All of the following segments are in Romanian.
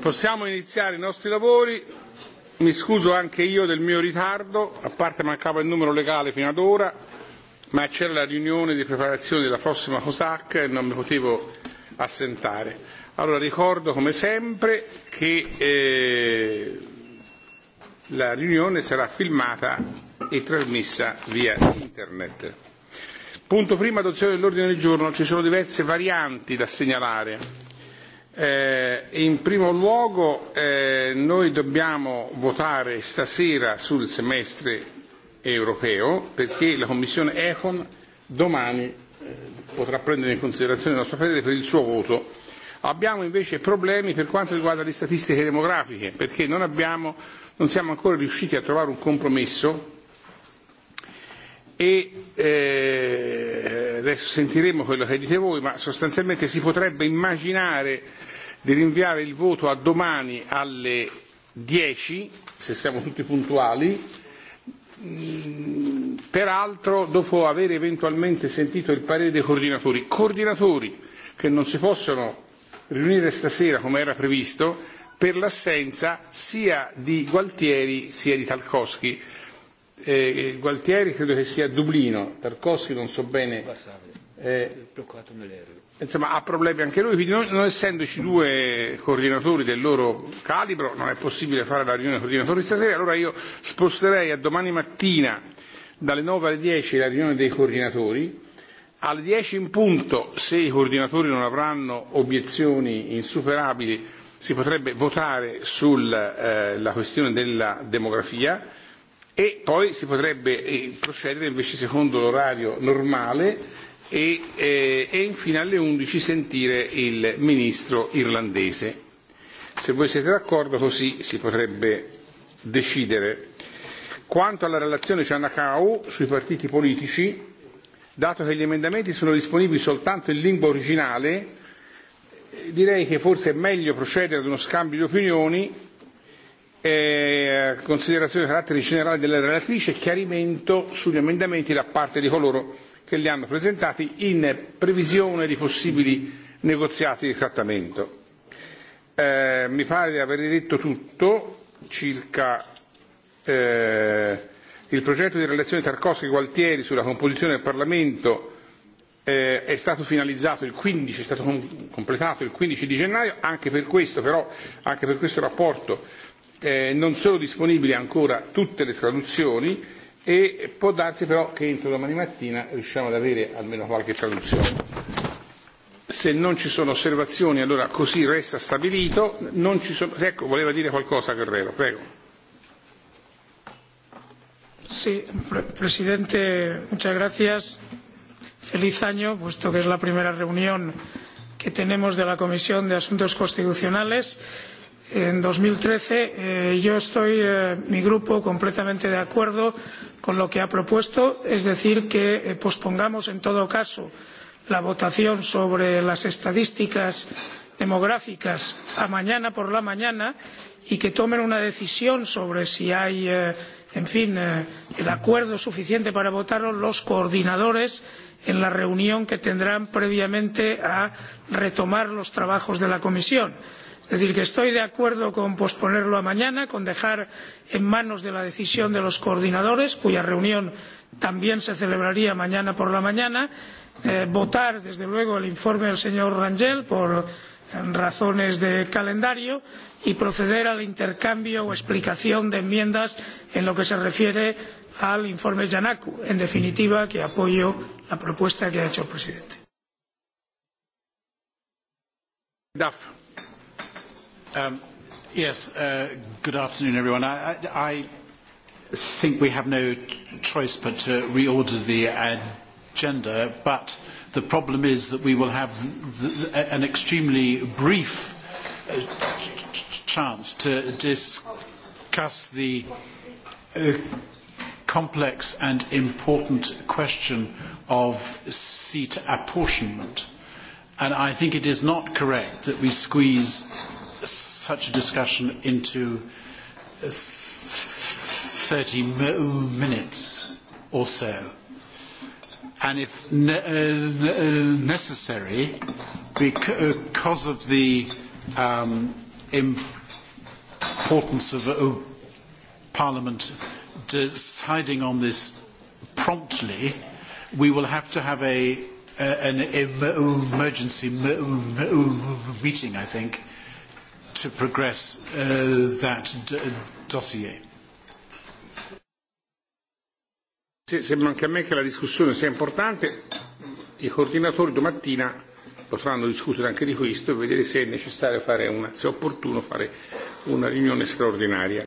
Possiamo iniziare i nostri lavori. Mi scuso anche io del mio ritardo, a parte mancava il numero legale fino ad ora, ma c'era la riunione di preparazione della prossima COSAC e non mi potevo assentare. Allora ricordo come sempre che eh, la riunione sarà filmata e trasmessa via internet. Punto primo adozione dell'ordine del giorno, ci sono diverse varianti da segnalare Eh, in primo luogo eh, noi dobbiamo votare stasera sul semestre europeo perché la Commissione Econ domani eh, potrà prendere in considerazione il nostro Paese per il suo voto. Abbiamo invece problemi per quanto riguarda le statistiche demografiche perché non, abbiamo, non siamo ancora riusciti a trovare un compromesso e eh, adesso sentiremo quello che dite voi, ma sostanzialmente si potrebbe immaginare di rinviare il voto a domani alle 10, se siamo tutti puntuali, mm, peraltro dopo aver eventualmente sentito il parere dei coordinatori. Coordinatori che non si possono riunire stasera come era previsto per l'assenza sia di Gualtieri sia di Talkowski eh, Gualtieri credo che sia a Dublino, Tarkovsky non so bene. Eh, insomma ha problemi anche lui, quindi non, non essendoci due coordinatori del loro calibro non è possibile fare la riunione dei coordinatori stasera, allora io sposterei a domani mattina dalle 9 alle 10 la riunione dei coordinatori, alle 10 in punto, se i coordinatori non avranno obiezioni insuperabili, si potrebbe votare sulla eh, questione della demografia, e poi si potrebbe eh, procedere invece secondo l'orario normale e, eh, e infine alle 11 sentire il ministro irlandese. Se voi siete d'accordo così si potrebbe decidere. Quanto alla relazione Cianacau sui partiti politici, dato che gli emendamenti sono disponibili soltanto in lingua originale, direi che forse è meglio procedere ad uno scambio di opinioni eh, considerazioni di carattere generale della relatrice e chiarimento sugli emendamenti da parte di coloro che li hanno presentati in previsione di possibili negoziati di trattamento. Eh, mi pare di aver detto tutto circa eh, il progetto di relazione Tarkovsky-Gualtieri sulla composizione del Parlamento eh, è stato finalizzato il 15, è stato completato il 15 di gennaio, anche per questo però, anche per questo rapporto eh, non sono disponibili ancora tutte le traduzioni e può darsi però che entro domani mattina riusciamo ad avere almeno qualche traduzione. Se non ci sono osservazioni allora così resta stabilito. Non ci sono... Ecco, voleva dire qualcosa Guerrero, prego. Sì, pre presidente, muchas gracias. Feliz año, puesto que es la primera reunión que tenemos de la Comisión de Asuntos Constitucionales en dos mil trece eh, yo estoy eh, mi grupo completamente de acuerdo con lo que ha propuesto es decir que eh, pospongamos en todo caso la votación sobre las estadísticas demográficas a mañana por la mañana y que tomen una decisión sobre si hay en fin el acuerdo suficiente para votarlo los coordinadores en la reunión que tendrán previamente a retomar los trabajos de la comisión es decir que estoy de acuerdo con posponerlo a mañana con dejar en manos de la decisión de los coordinadores cuya reunión también se celebraría mañana por la mañana eh, votar desde luego el informe del señor rangel por razones de calendario y proceder al intercambio o explicación de enmiendas en lo que se refiere al informe giannakou. en definitiva que apoyo la propuesta que ha hecho el presidente. Um, yes, uh, good afternoon, everyone. I, I, I, think we have no choice but to reorder the agenda, but the problem is that we will have the, the, an extremely brief uh, ch chance to discuss the uh, complex and important question of seat apportionment. And I think it is not correct that we squeeze such a discussion into 30 minutes or so. And if uh, ne uh, necessary, because of the um, importance of uh, Parliament deciding on this promptly, we will have to have a, a an emergency meeting, I think, to progress uh, that d uh, dossier. Se, sembra anche a me che la discussione sia importante. I coordinatori domattina potranno discutere anche di questo e vedere se è necessario fare una, se è opportuno fare una riunione straordinaria.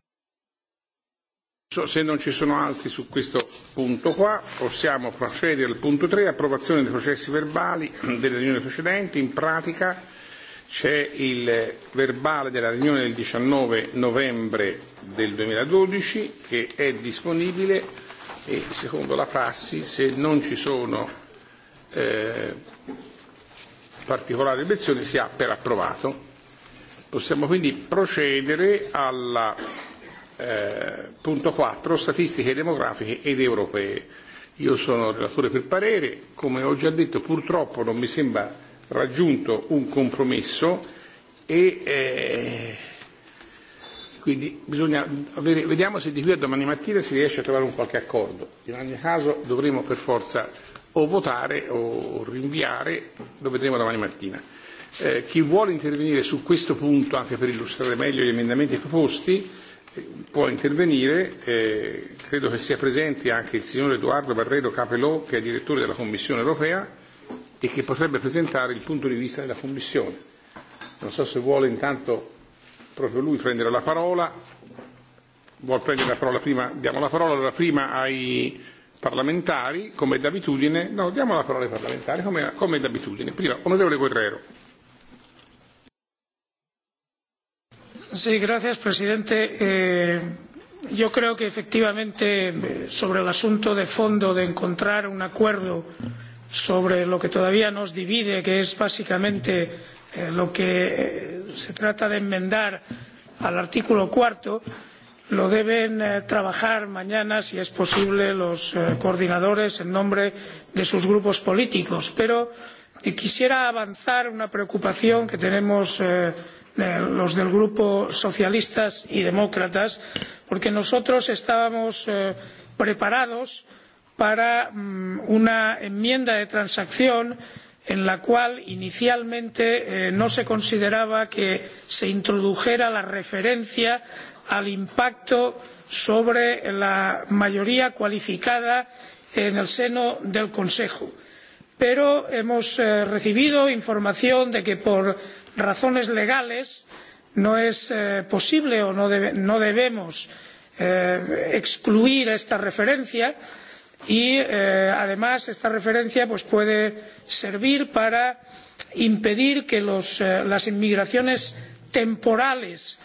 Se non ci sono altri su questo punto qua, possiamo procedere al punto 3, approvazione dei processi verbali delle riunioni precedenti. In pratica C'è il verbale della riunione del 19 novembre del 2012 che è disponibile e secondo la prassi se non ci sono eh, particolari obiezioni si ha per approvato. Possiamo quindi procedere al eh, punto 4, statistiche demografiche ed europee. Io sono relatore per parere, come ho già detto purtroppo non mi sembra raggiunto un compromesso e eh, quindi bisogna avere, vediamo se di qui a domani mattina si riesce a trovare un qualche accordo. In ogni caso dovremo per forza o votare o rinviare, lo vedremo domani mattina. Eh, chi vuole intervenire su questo punto anche per illustrare meglio gli emendamenti proposti eh, può intervenire, eh, credo che sia presente anche il signor Edoardo Barredo Capelò che è direttore della Commissione europea e che potrebbe presentare il punto di vista della Commissione. Non so se vuole intanto proprio lui prendere la parola. Vuol prendere la parola prima? Diamo la parola allora prima ai parlamentari, come d'abitudine. No, diamo la parola ai parlamentari, come, come d'abitudine. Prima, onorevole Guerrero. Sì, grazie presidente. Eh, yo creo que efectivamente eh, sobre el asunto fondo di encontrar un accordo. eh, sobre lo que todavía nos divide que es básicamente eh, lo que eh, se trata de enmendar al artículo cuarto lo deben eh, trabajar mañana si es posible los coordinadores en nombre de sus grupos políticos pero quisiera avanzar una preocupación que tenemos los del grupo socialistas y demócratas porque nosotros estábamos preparados para para mm, una enmienda de transacción en la cual inicialmente eh, no se consideraba que se introdujera la referencia al impacto sobre la mayoría cualificada en el seno del consejo pero hemos eh, recibido información de que por razones legales no es eh, posible o no, no debemos excluir esta referencia y y eh, además esta referencia puede servir para impedir que eh, las inmigraciones temporales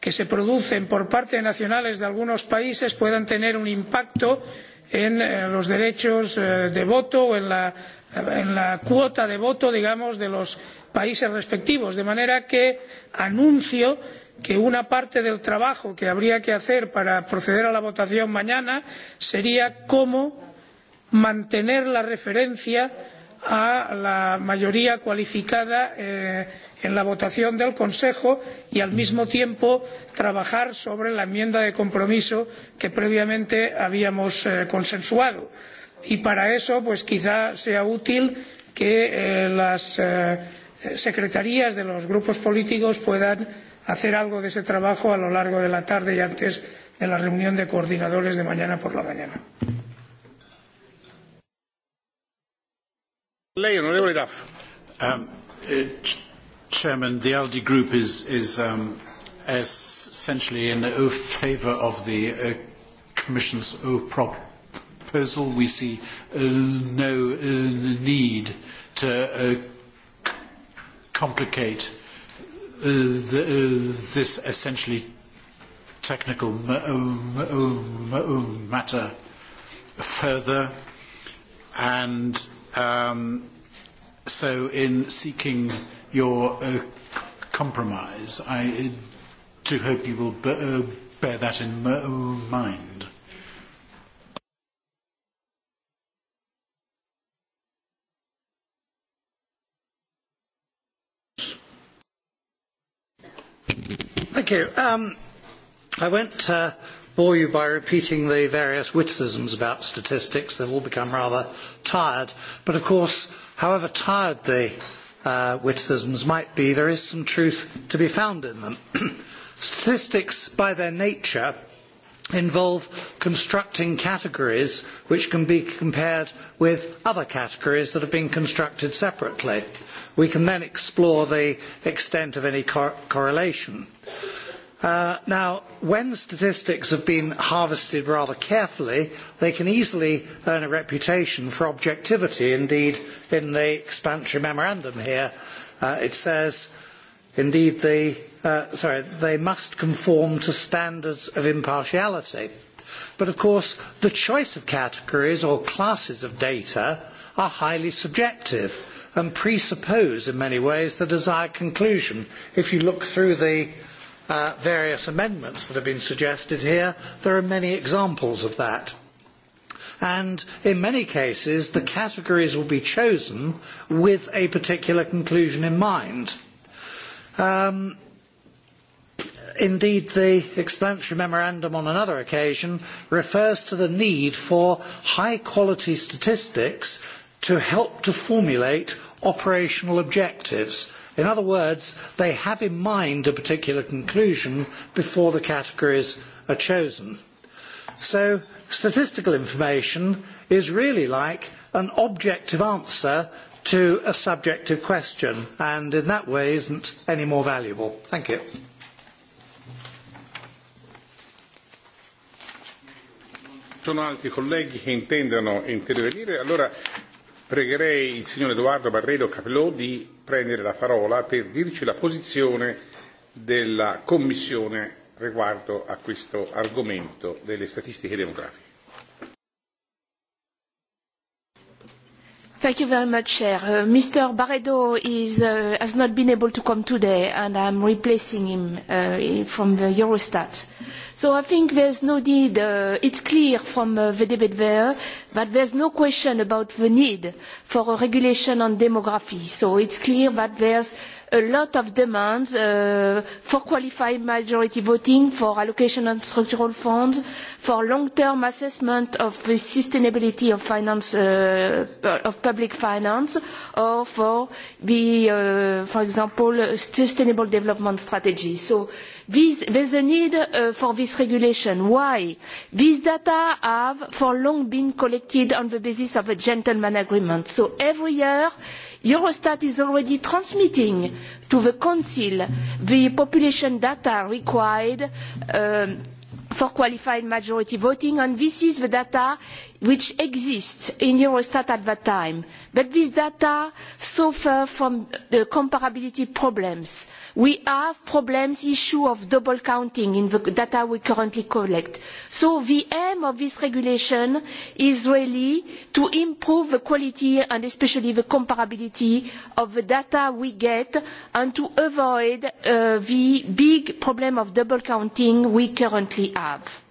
que se producen por parte de nacionales de algunos países puedan tener un impacto en eh, los derechos de voto o en la, cuota de voto digamos de los países respectivos de manera que anuncio que que una parte del trabajo que habría que hacer para proceder a la votación mañana sería cómo mantener la referencia a la mayoría cualificada eh, en la votación del consejo y al mismo tiempo trabajar sobre la enmienda de compromiso que previamente habíamos eh, consensuado y para eso pues quizá sea útil que eh, las eh, secretarías de los grupos políticos puedan hacer algo de ese trabajo a lo largo de la tarde y antes de la reunión de coordinadores de mañana por la mañana. Um, uh, Chairman, the ALDE group is, is um, essentially in favour of the uh, Commission's proposal. We see uh, no uh, need to uh, complicate Uh, uh, this essentially technical uh, matter further and um, so in seeking your uh, compromise I do hope you will bear that in mind. Thank you. Um, I won't not uh, bore you by repeating the various witticisms about statistics. They've all become rather tired. But of course, however tired the uh, witticisms might be, there is some truth to be found in them. statistics, by their nature, involve constructing categories which can be compared with other categories that have been constructed separately we can then explore the extent of any cor correlation. Uh, now, when statistics have been harvested rather carefully, they can easily earn a reputation for objectivity. Indeed, in the explanatory memorandum here, uh, it says, indeed, the, uh, sorry, they must conform to standards of impartiality. But of course, the choice of categories or classes of data are highly subjective and presuppose in many ways the desired conclusion. If you look through the uh, various amendments that have been suggested here, there are many examples of that. And in many cases, the categories will be chosen with a particular conclusion in mind. Um, indeed the explanatory memorandum on another occasion refers to the need for high quality statistics to help to formulate operational objectives. In other words, they have in mind a particular conclusion before the categories are chosen. So statistical information is really like an objective answer to a subjective question and in that way isn't any more valuable. Thank you. sono altri colleghi che intendono intervenire, allora pregherei il signor Edoardo Barredo Capelò di prendere la parola per dirci la posizione della Commissione riguardo a questo argomento delle statistiche demografiche. Thank you very much, Chair. Uh, Mr. Barredo is, uh, has not been able to come today, and I'm replacing him uh, from the Eurostat. Uh, So I think there's no need, uh, it's clear from uh, the debate there that there's no question about the need for a regulation on demography. So it's clear that there's a lot of demands uh, for qualified majority voting, for allocation on structural funds, for long-term assessment of the sustainability of, finance, uh, uh, of public finance, or for the, uh, for example, sustainable development strategy. So There there's a need uh, for this regulation. Why? These data have for long been collected on the basis of a gentleman agreement. So every year, Eurostat is already transmitting to the Council the population data required um, for qualified majority voting and this is the data which exists in Eurostat at that time. But these data suffer from the comparability problems. We have problems, issue of double counting in the data we currently collect. So the aim of this regulation is really to improve the quality and especially the comparability of the data we get and to avoid uh, the big problem of double counting we currently have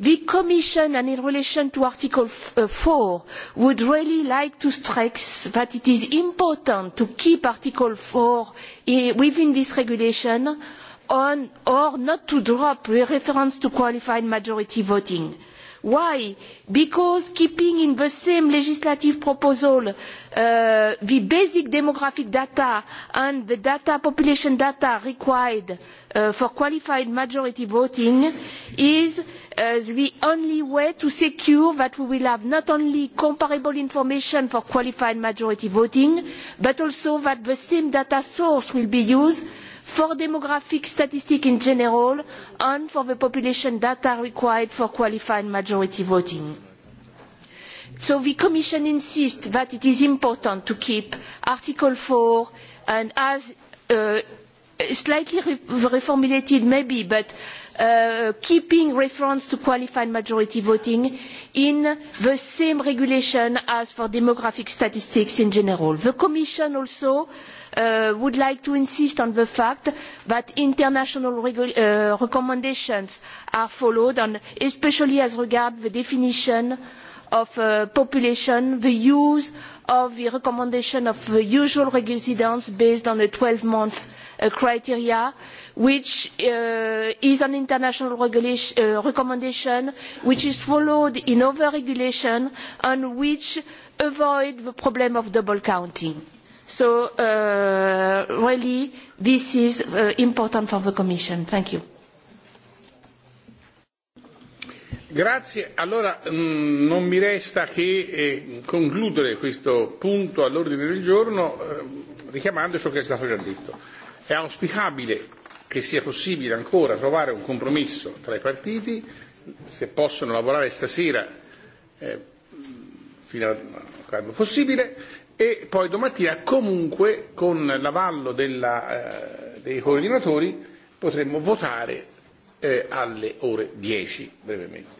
the commission and in relation to article uh, four would really like to stress that it is important to keep article four within this regulation on, or not to drop the reference to qualified majority voting Why? Because keeping in the same legislative proposal uh, the basic demographic data and the data, population data required uh, for qualified majority voting is uh, the only way to secure that we will have not only comparable information for qualified majority voting, but also that the same data source will be used for demographic statistics in general and for the population data required for qualified majority voting. So the Commission insists that it is important to keep Article 4 and as uh, slightly re reformulated maybe but uh, keeping reference to qualified majority voting in the same regulation as for demographic statistics in general. the commission also uh, would like to insist on the fact that international uh, recommendations are followed especially as regards the definition of of the uh, population, the use of the recommendation of the usual residence based on the 12-month uh, criteria, which uh, is an international recommendation, which is followed in other regulation, and which avoids the problem of double counting. So really, this is important for the Commission. Thank you. Grazie, allora mh, mm, non mi resta che eh, concludere questo punto all'ordine del giorno eh, richiamando ciò che è stato già detto. È auspicabile che sia possibile ancora trovare un compromesso tra i partiti, se possono lavorare stasera eh, fino a quando possibile e poi domattina comunque con l'avallo della, eh, dei coordinatori potremmo votare eh, alle ore 10 brevemente.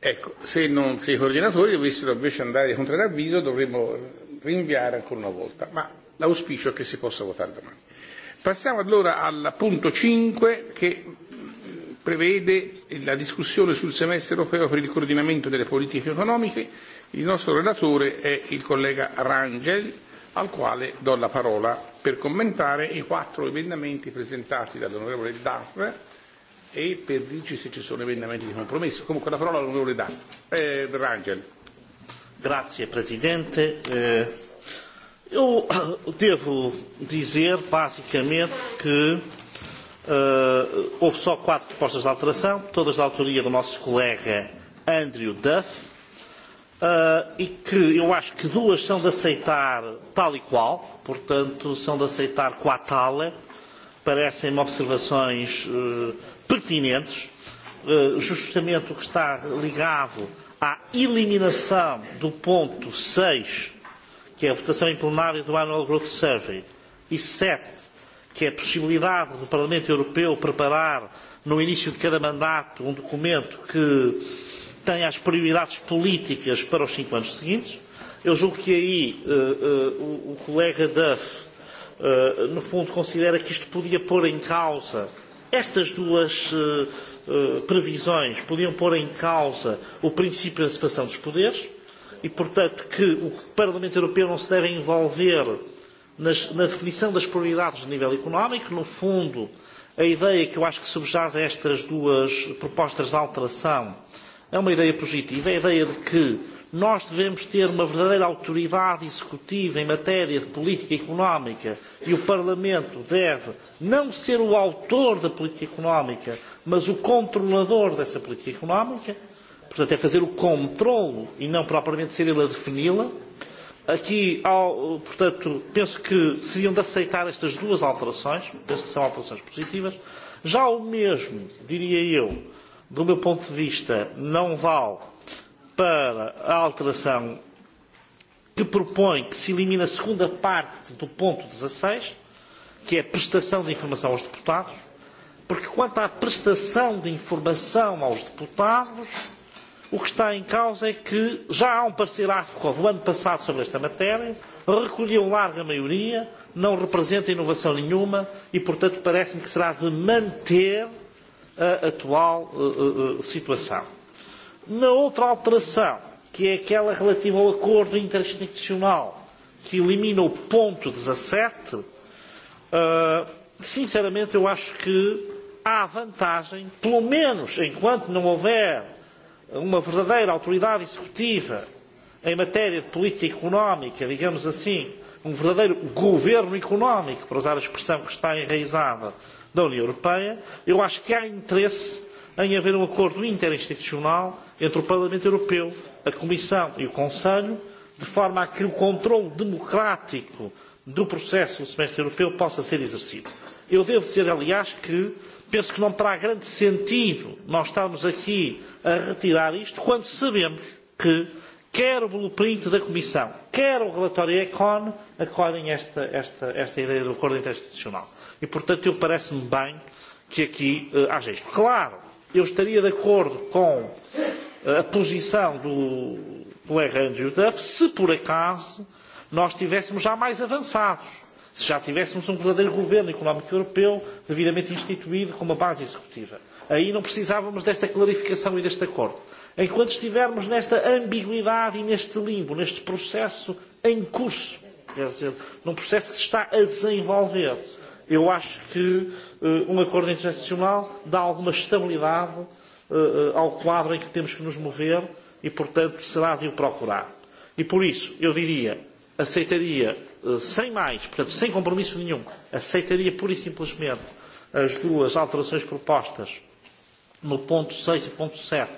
Ecco, se non se i coordinatori dovessero invece andare contro l'avviso dovremmo rinviare ancora una volta, ma l'auspicio è che si possa votare domani. Passiamo allora al punto 5 che mm, prevede la discussione sul semestre europeo per il coordinamento delle politiche economiche. Il nostro relatore è il collega Rangel, al quale do la parola per commentare i quattro emendamenti presentati dall'onorevole Daff e per dirci se ci sono emendamenti di compromesso. Comunque la parola all'onorevole Dan. Eh, Rangel. Grazie Presidente. Eh, io devo dire basicamente che eh, houve só quatro propostas de alteração, todas da autoria do nosso colega Andrew Duff, uh, e que eu acho que duas são de aceitar tal e qual, portanto são de aceitar com a tala, parecem-me observações uh, pertinentes, eh, justamente o que está ligado à eliminação do ponto 6, que é a votação em plenário do Annual Growth Survey, e 7, que é a possibilidade do Parlamento Europeu preparar, no início de cada mandato, um documento que tenha as prioridades políticas para os cinco anos seguintes. Eu julgo que aí uh, uh, o, o colega Duff, uh, no fundo, considera que isto podia pôr em causa uh, Estas duas uh, uh, previsões podiam pôr em causa o princípio da separação dos poderes e, portanto, que o Parlamento Europeu não se deve envolver nas, na definição das prioridades de nível económico. No fundo, a ideia que eu acho que subjaz a estas duas propostas de alteração é uma ideia positiva, é a ideia de que nós devemos ter uma verdadeira autoridade executiva em matéria de política económica e o Parlamento deve não ser o autor da política económica, mas o controlador dessa política económica, portanto é fazer o controlo e não propriamente ser ele a defini-la. Aqui, ao, portanto, penso que seriam de aceitar estas duas alterações, penso que são alterações positivas. Já o mesmo, diria eu, do meu ponto de vista, não vale para a alteração que propõe que se elimine a segunda parte do ponto 16, que é a prestação de informação aos deputados, porque quanto à prestação de informação aos deputados, o que está em causa é que já há um parceiro AFCO do ano passado sobre esta matéria, recolheu larga maioria, não representa inovação nenhuma e, portanto, parece-me que será de manter a atual uh, uh, situação. Na outra alteração, que é aquela relativa ao acordo interinstitucional, que elimina o ponto 17, Ah, sinceramente, eu acho que há vantagem, pelo menos enquanto não houver uma verdadeira autoridade executiva em matéria de política económica, digamos assim, um verdadeiro governo económico, para usar a expressão que está enraizada da União Europeia, eu acho que há interesse em haver um acordo interinstitucional entre o Parlamento Europeu, a Comissão e o Conselho, de forma a que o controle democrático do processo do semestre europeu possa ser exercido. Eu devo dizer, aliás, que penso que não terá grande sentido nós estarmos aqui a retirar isto quando sabemos que quer o blueprint da Comissão, quer o relatório ECON acolhem esta, esta, esta ideia do acordo interinstitucional. E, portanto, eu parece-me bem que aqui uh, haja isto. Claro, eu estaria de acordo com eh, a posição do colega Andrew Duff se, por acaso, nós estivéssemos já mais avançados, se já tivéssemos um verdadeiro governo económico europeu devidamente instituído com uma base executiva. Aí não precisávamos desta clarificação e deste acordo. Enquanto estivermos nesta ambiguidade e neste limbo, neste processo em curso, quer dizer, num processo que se está a desenvolver, eu acho que uh, um acordo internacional dá alguma estabilidade uh, ao quadro em que temos que nos mover e, portanto, será de o procurar. E por isso, eu diria, aceitaria, eh, sem mais, portanto, sem compromisso nenhum, aceitaria pura e simplesmente as duas alterações propostas no ponto 6 e ponto 7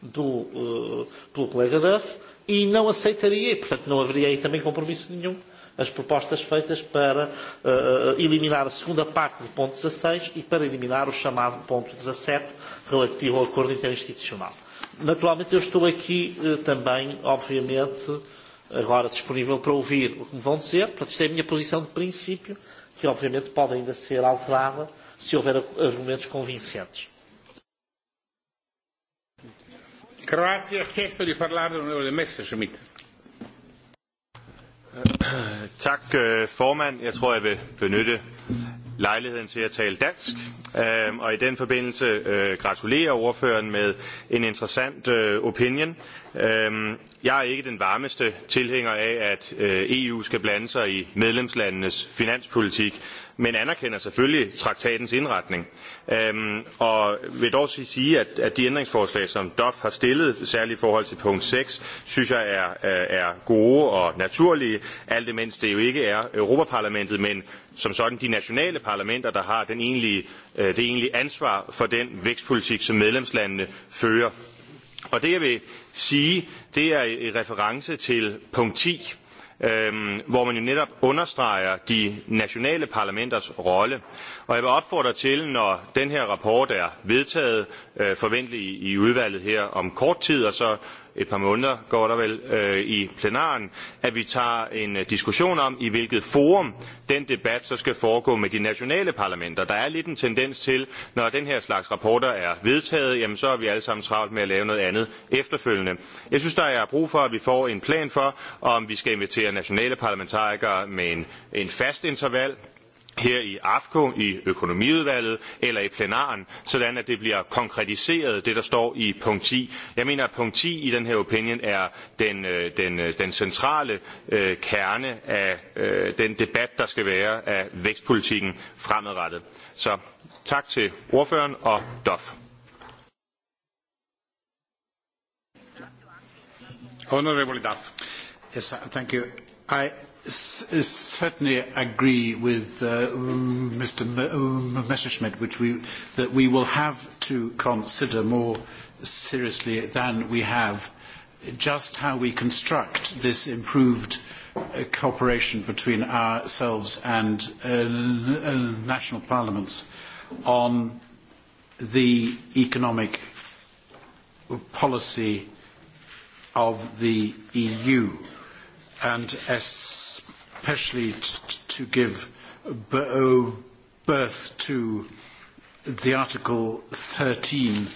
do, uh, pelo colega Duff e não aceitaria, e portanto não haveria aí também compromisso nenhum, as propostas feitas para uh, eliminar a segunda parte do ponto 16 e para eliminar o chamado ponto 17 relativo ao acordo interinstitucional. Naturalmente eu estou aqui uh, também, obviamente, uh, agora disponível para ouvir o que me vão dizer. Portanto, isto é a minha posição de princípio, que obviamente pode ainda ser alterada se houver argumentos convincentes. Croácia, ha chiesto di parlare l'onorevole Messerschmidt. Eh, tak, eh, formand. Jeg tror, jeg vil benytte lejligheden til at tale dansk, ehm, og i den forbindelse eh, gratulerer ordføreren med en interessant opinion. Jeg er ikke den varmeste tilhænger af, at øh, EU skal blande sig i medlemslandenes finanspolitik, men anerkender selvfølgelig traktatens indretning. Og vil dog sige, at de ændringsforslag, som DOF har stillet, særligt i forhold til punkt 6, synes jeg er, øh, er gode og naturlige, alt imens det jo ikke er Europaparlamentet, men som sådan de nationale parlamenter, der har den egentlige, øh, det egentlige ansvar for den vækstpolitik, som medlemslandene fører. Og det jeg vil sige, det er i reference til punkt 10, hvor man jo netop understreger de nationale parlamenters rolle og jeg vil opfordre til når den her rapport er vedtaget øh, forventeligt i udvalget her om kort tid og så et par måneder går der vel øh, i plenaren at vi tager en øh, diskussion om i hvilket forum den debat så skal foregå med de nationale parlamenter. der er lidt en tendens til når den her slags rapporter er vedtaget jamen så har er vi alle sammen travlt med at lave noget andet efterfølgende. jeg synes der er brug for at vi får en plan for om vi skal invitere nationale parlamentarikere med en, en fast interval her i AFKO, i økonomiudvalget eller i plenaren, sådan at det bliver konkretiseret, det der står i punkt 10. Jeg mener, at punkt 10 i den her opinion er den, øh, den, øh, den centrale øh, kerne af øh, den debat, der skal være af vækstpolitikken fremadrettet. Så tak til ordføreren og DOF. Honorable Duff. Yes, thank you. I certainly agree with uh, Mr. Messerschmidt which we, that we will have to consider more seriously than we have just how we construct this improved uh, cooperation between ourselves and uh, uh national parliaments on the economic policy of the EU and especially to give birth to the Article 13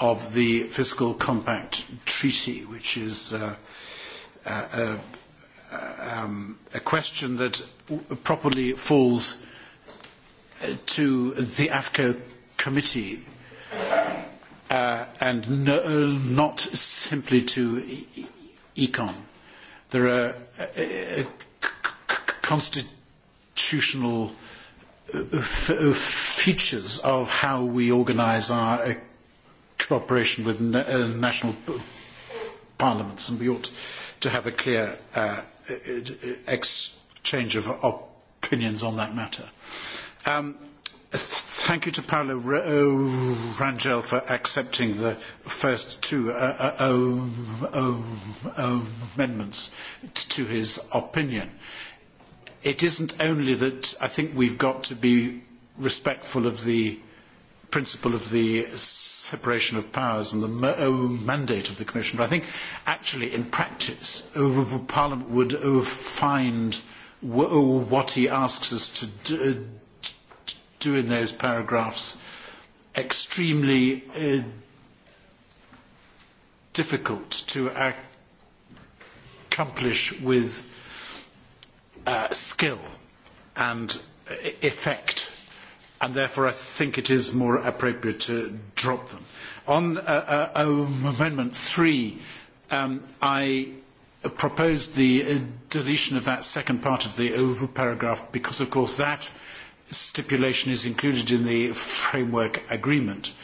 of the Fiscal Compact Treaty, which is uh, uh, uh, um, a question that properly falls uh, to the AFCO committee uh, and no, uh, not simply to Econ. There are uh, uh, uh constitutional uh, features of how we organise our cooperation with national parliaments, and we ought to have a clear uh, exchange of opinions on that matter. Um, Thank you to Paolo uh, Rangel for accepting the first two uh, uh, um, um, amendments to his opinion. It isn't only that I think we've got to be respectful of the principle of the separation of powers and the mandate of the Commission, but I think actually in practice Parliament would find what he asks us to do do in those paragraphs extremely uh, difficult to accomplish with uh, skill and effect, and therefore I think it is more appropriate to drop them. On uh, uh um, Amendment 3, um, I proposed the uh, deletion of that second part of the uh, paragraph because, of course, that – stipulation is included in the framework agreement,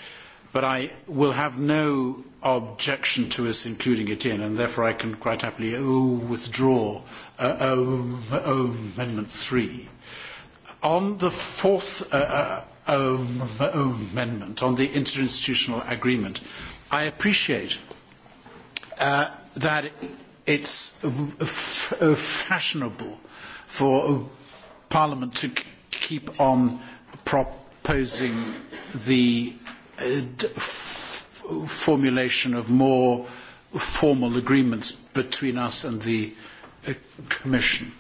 but I will have no objection to us including it in, and therefore I can quite happily oh, withdraw uh, um, um, Amendment 3. On the fourth uh, um, amendment, on the interinstitutional agreement, I appreciate uh, that it's fashionable for Parliament to keep on proposing the uh, formulation of more formal agreements between us and the uh, Commission.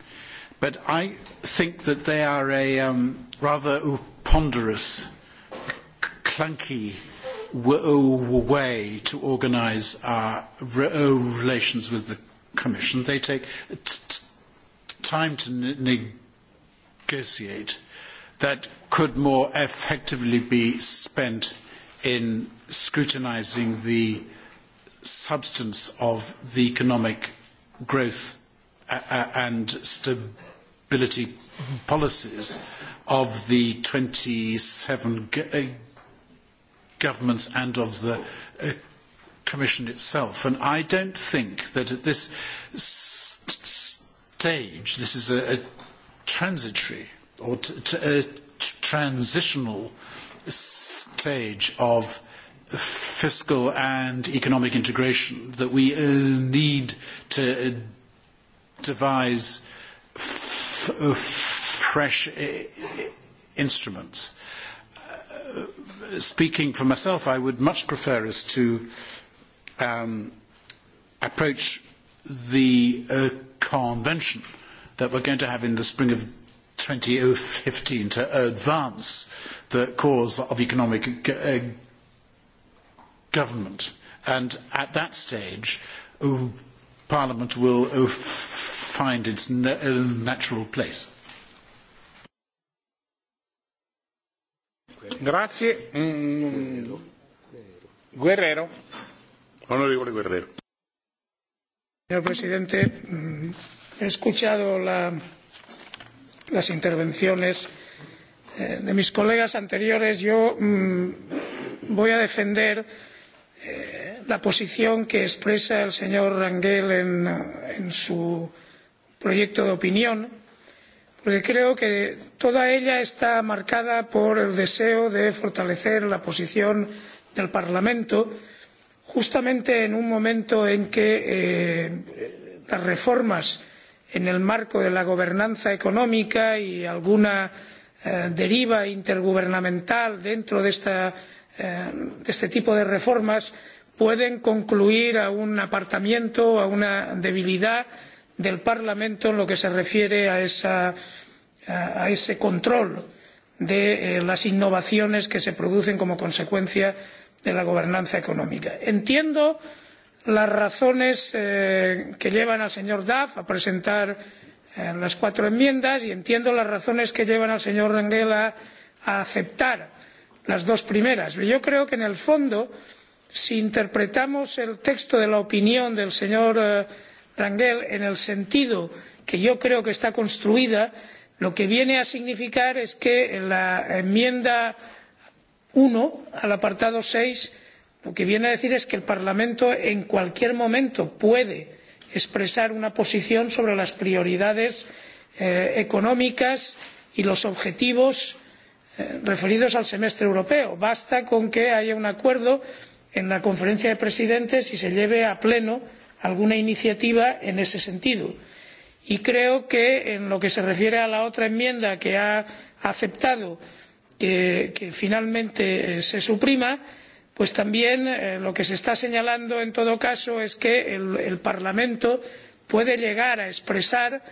But I think that they are a um, rather ponderous, clunky way to organise our re uh, relations with the Commission. They take time to negotiate that could more effectively be spent in scrutinising the substance of the economic growth and stability policies of the 27 uh, governments and of the uh, Commission itself. And I don't think that at this stage, this is a, a transitory or uh, transitional stage of fiscal and economic integration that we uh, need to uh, devise fresh instruments. Speaking for myself, I would much prefer us to um, approach the uh, convention that we're going to have in the spring of 2015 to advance the cause of economic uh, government. And at that stage, uh, Parliament will uh, find its natural place. Grazie. Mm, mm. Guerrero. Honorable Guerrero. Señor presidente, mm, he escuchado la las intervenciones eh, de mis colegas anteriores yo mm, voy a defender eh, la posición que expresa el señor rangel en, su proyecto de opinión porque creo que toda ella está marcada por el deseo de fortalecer la posición del parlamento justamente en un momento en que eh, las reformas en el marco de la gobernanza económica y alguna eh, deriva intergubernamental dentro de, eh, de este tipo de reformas pueden concluir a un apartamiento a una debilidad del parlamento en lo que se refiere a, ese control de eh, las innovaciones que se producen como consecuencia de la gobernanza económica. entiendo que las razones eh, que llevan al señor duff a presentar eh, las cuatro enmiendas y entiendo las razones que llevan al señor rengel a aceptar las dos primeras. yo creo que en el fondo si interpretamos el texto de la opinión del señor eh, rangel en el sentido que yo creo que está construida lo que viene a significar es que la enmienda uno al apartado seis lo que viene a decir es que el parlamento en cualquier momento puede expresar una posición sobre las prioridades eh, económicas y los objetivos eh, referidos al semestre europeo. basta con que haya un acuerdo en la conferencia de presidentes y se lleve a pleno alguna iniciativa en ese sentido. y creo que en lo que se refiere a la otra enmienda que ha aceptado que, que finalmente eh, se suprima pues también eh, lo que se está señalando en todo caso es que el parlamento puede llegar a expresar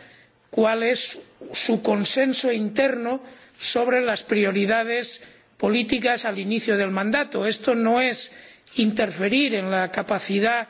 cuál es su consenso interno sobre las prioridades políticas al inicio del mandato. esto no es interferir en la capacidad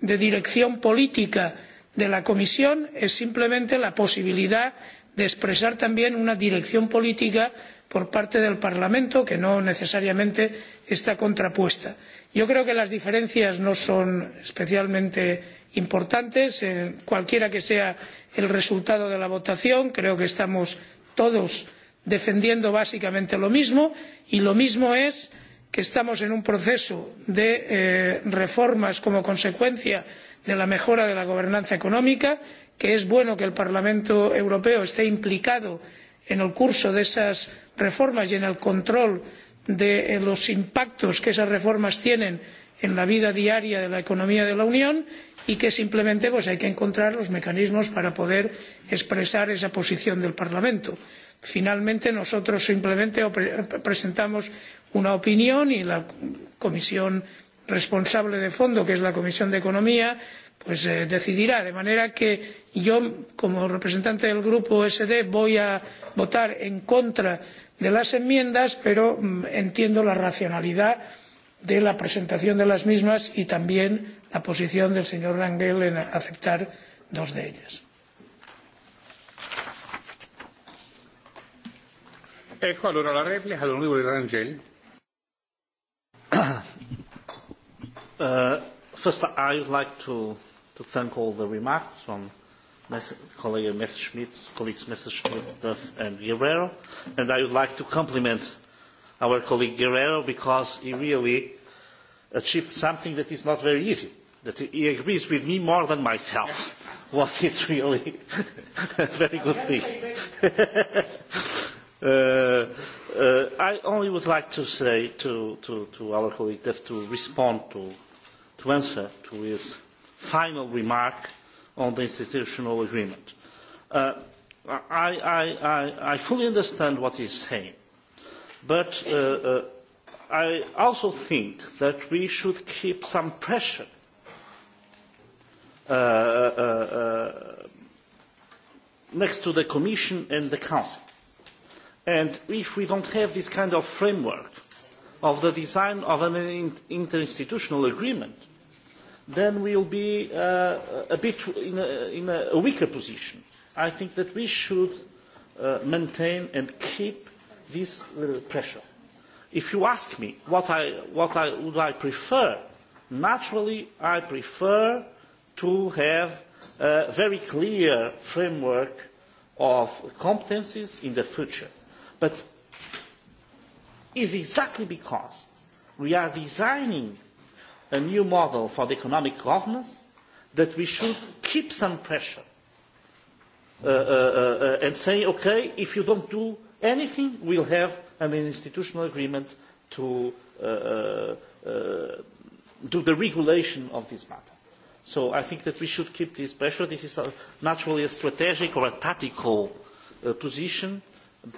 de dirección política de la comisión es simplemente la posibilidad de expresar también una dirección política por parte del parlamento que no necesariamente está contrapuesta. yo creo que las diferencias no son especialmente importantes eh, cualquiera que sea el resultado de la votación creo que estamos todos defendiendo básicamente lo mismo y lo mismo es que estamos en un proceso de eh, reformas como consecuencia de la mejora de la gobernanza económica que es bueno que el parlamento europeo esté implicado en en el curso de esas reformas y en el control de eh, los impactos que esas reformas tienen en la vida diaria de la economía de la unión y que simplemente pues, hay que encontrar los mecanismos para poder expresar esa posición del parlamento. finalmente nosotros simplemente eh, presentamos una opinión y la comisión responsable de fondo que es la comisión de economía y pues eh, decidirá de manera que yo como representante del grupo sd voy a votar en contra de las enmiendas pero mm, entiendo la racionalidad de la presentación de las mismas y también la posición del señor rangel en aceptar dos de ellas. Ecco allora la replica all'onorevole Rangel. Uh, first, I would like to to thank all the remarks from colleague Schmidt, colleagues Messerschmidt Duff and Guerrero. And I would like to compliment our colleague Guerrero because he really achieved something that is not very easy. That he agrees with me more than myself, what is really a very good thing. Uh, uh, I only would like to say to, to, to our colleague Duff to respond to, to answer to his final remark on the institutional agreement. Uh, I, I, I, I fully understand what he's saying, but uh, uh, I also think that we should keep some pressure uh, uh, uh, next to the Commission and the Council. And if we don't have this kind of framework of the design of an interinstitutional agreement, then we will be uh, a bit in a, in a, weaker position. I think that we should uh, maintain and keep this little pressure. If you ask me what I, what I would I prefer, naturally I prefer to have a very clear framework of competencies in the future. But is exactly because we are designing a new model for the economic governance, that we should keep some pressure uh, uh, uh, uh, and say, okay, if you don't do anything, we'll have an institutional agreement to uh, uh, do the regulation of this matter. So I think that we should keep this pressure. This is a, naturally a strategic or a tactical position,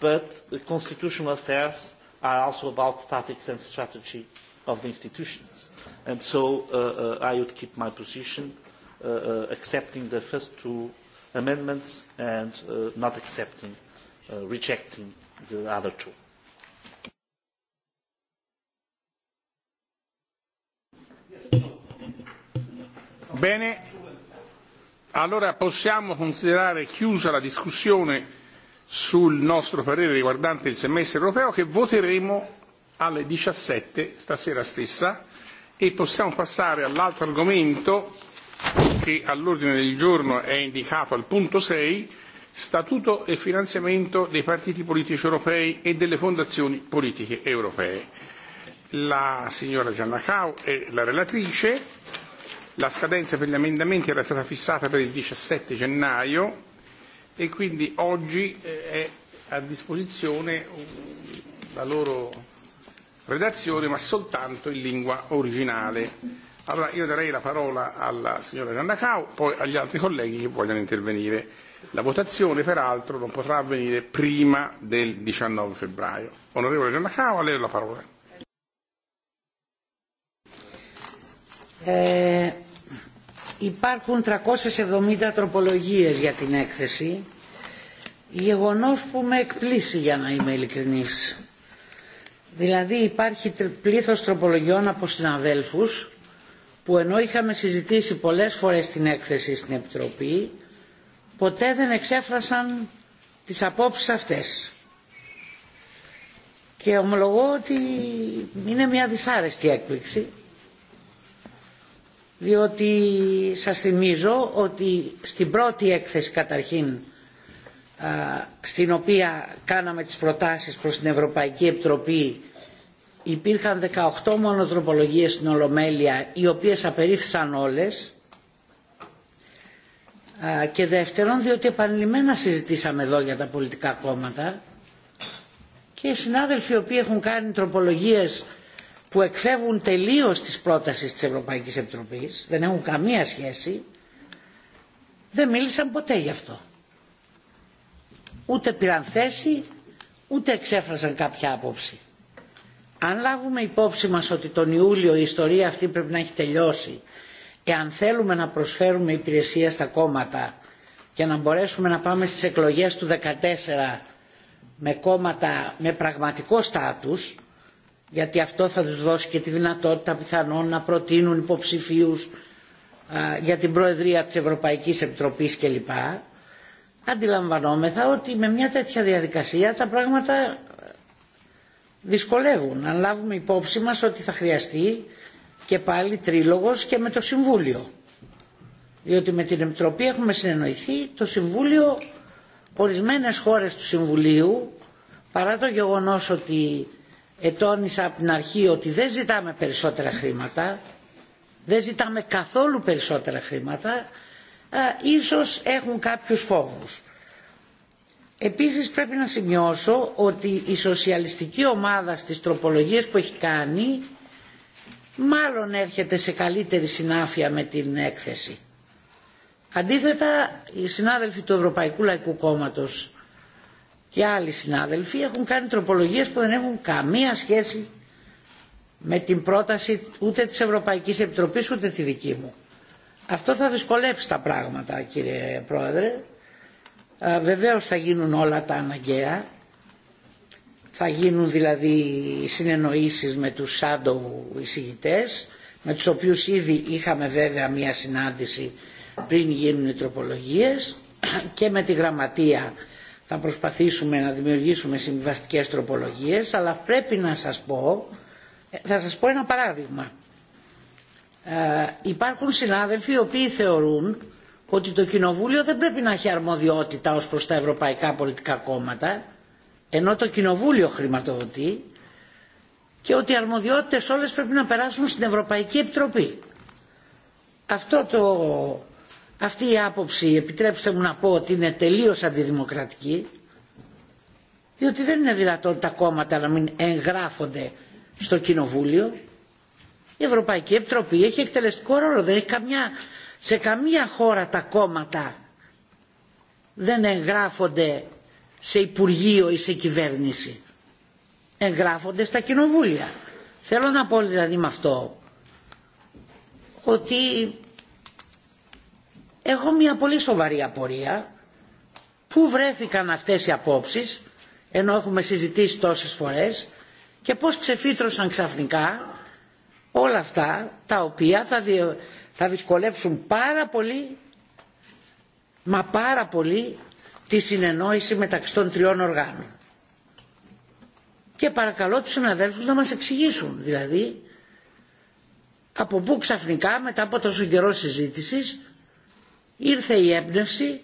but constitutional affairs are also about tactics and strategy of the institutions. And so uh, uh, I would keep my position, uh, uh, accepting the first two amendments and uh, not accepting, uh, rejecting the other two. Bene, allora possiamo considerare chiusa la discussione sul nostro parere riguardante il semestre europeo che voteremo alle 17 stasera stessa e possiamo passare all'altro argomento che all'ordine del giorno è indicato al punto 6, statuto e finanziamento dei partiti politici europei e delle fondazioni politiche europee. La signora Gianna Cao è la relatrice, la scadenza per gli emendamenti era stata fissata per il 17 gennaio e quindi oggi eh, è a disposizione la loro redazione, ma soltanto in lingua originale. Allora io darei la parola alla signora Giannacau, poi agli altri colleghi che vogliono intervenire. La votazione peraltro non potrà avvenire prima del 19 febbraio. Onorevole Giannacau, a lei la parola. Eh, υπάρχουν 370 τροπολογίες για την έκθεση, γεγονός που με εκπλήσει για να είμαι ειλικρινής. Δηλαδή υπάρχει πλήθος τροπολογιών από συναδέλφους που ενώ είχαμε συζητήσει πολλές φορές την έκθεση στην Επιτροπή ποτέ δεν εξέφρασαν τις απόψεις αυτές. Και ομολογώ ότι είναι μια δυσάρεστη έκπληξη διότι σας θυμίζω ότι στην πρώτη έκθεση καταρχήν στην οποία κάναμε τις προτάσεις προς την Ευρωπαϊκή Επιτροπή υπήρχαν 18 μονοτροπολογίες στην Ολομέλεια οι οποίες απερίφθησαν όλες και δεύτερον διότι επανειλημμένα συζητήσαμε εδώ για τα πολιτικά κόμματα και οι συνάδελφοι οι οποίοι έχουν κάνει τροπολογίες που εκφεύγουν τελείως τις πρότασεις της Ευρωπαϊκής Επιτροπής, δεν έχουν καμία σχέση, δεν μίλησαν ποτέ γι' αυτό ούτε πήραν θέση, ούτε εξέφρασαν κάποια άποψη. Αν λάβουμε υπόψη μας ότι τον Ιούλιο η ιστορία αυτή πρέπει να έχει τελειώσει, εάν θέλουμε να προσφέρουμε υπηρεσία στα κόμματα και να μπορέσουμε να πάμε στις εκλογές του 2014 με κόμματα με πραγματικό στάτους, γιατί αυτό θα τους δώσει και τη δυνατότητα πιθανόν να προτείνουν υποψηφίους α, για την Προεδρία της Ευρωπαϊκής Επιτροπής κλπ αντιλαμβανόμεθα ότι με μια τέτοια διαδικασία τα πράγματα δυσκολεύουν. Αν λάβουμε υπόψη μας ότι θα χρειαστεί και πάλι τρίλογος και με το Συμβούλιο. Διότι με την Επιτροπή έχουμε συνεννοηθεί το Συμβούλιο, ορισμένες χώρες του Συμβουλίου, παρά το γεγονός ότι ετώνησα από την αρχή ότι δεν ζητάμε περισσότερα χρήματα, δεν ζητάμε καθόλου περισσότερα χρήματα, ίσως έχουν κάποιους φόβους. Επίσης πρέπει να σημειώσω ότι η σοσιαλιστική ομάδα στις τροπολογίες που έχει κάνει μάλλον έρχεται σε καλύτερη συνάφεια με την έκθεση. Αντίθετα, οι συνάδελφοι του Ευρωπαϊκού Λαϊκού Κόμματος και άλλοι συνάδελφοι έχουν κάνει τροπολογίες που δεν έχουν καμία σχέση με την πρόταση ούτε της Ευρωπαϊκής Επιτροπής ούτε τη δική μου. Αυτό θα δυσκολέψει τα πράγματα κύριε Πρόεδρε. Βεβαίως θα γίνουν όλα τα αναγκαία. Θα γίνουν δηλαδή οι συνεννοήσεις με τους σάντο εισηγητές, με τους οποίους ήδη είχαμε βέβαια μία συνάντηση πριν γίνουν οι τροπολογίες και με τη γραμματεία θα προσπαθήσουμε να δημιουργήσουμε συμβιβαστικές τροπολογίες αλλά πρέπει να σας πω θα σας πω ένα παράδειγμα υπάρχουν συνάδελφοι οι οποίοι θεωρούν ότι το Κοινοβούλιο δεν πρέπει να έχει αρμοδιότητα ως προς τα ευρωπαϊκά πολιτικά κόμματα, ενώ το Κοινοβούλιο χρηματοδοτεί, και ότι οι αρμοδιότητες όλες πρέπει να περάσουν στην Ευρωπαϊκή Επιτροπή. Αυτό το, αυτή η άποψη, επιτρέψτε μου να πω ότι είναι τελείως αντιδημοκρατική, διότι δεν είναι δυνατόν τα κόμματα να μην εγγράφονται στο Κοινοβούλιο, η Ευρωπαϊκή Επιτροπή έχει εκτελεστικό ρόλο. Δεν έχει καμιά, σε καμία χώρα τα κόμματα δεν εγγράφονται σε Υπουργείο ή σε κυβέρνηση. Εγγράφονται στα κοινοβούλια. Θέλω να πω δηλαδή με αυτό ότι έχω μια πολύ σοβαρή απορία πού βρέθηκαν αυτές οι απόψεις ενώ έχουμε συζητήσει τόσες φορές και πώς ξεφύτρωσαν ξαφνικά όλα αυτά τα οποία θα, δι... θα δυσκολέψουν πάρα πολύ μα πάρα πολύ τη συνεννόηση μεταξύ των τριών οργάνων. Και παρακαλώ τους συναδέλφους να μας εξηγήσουν, δηλαδή, από πού ξαφνικά μετά από τόσο καιρό συζήτηση ήρθε η έμπνευση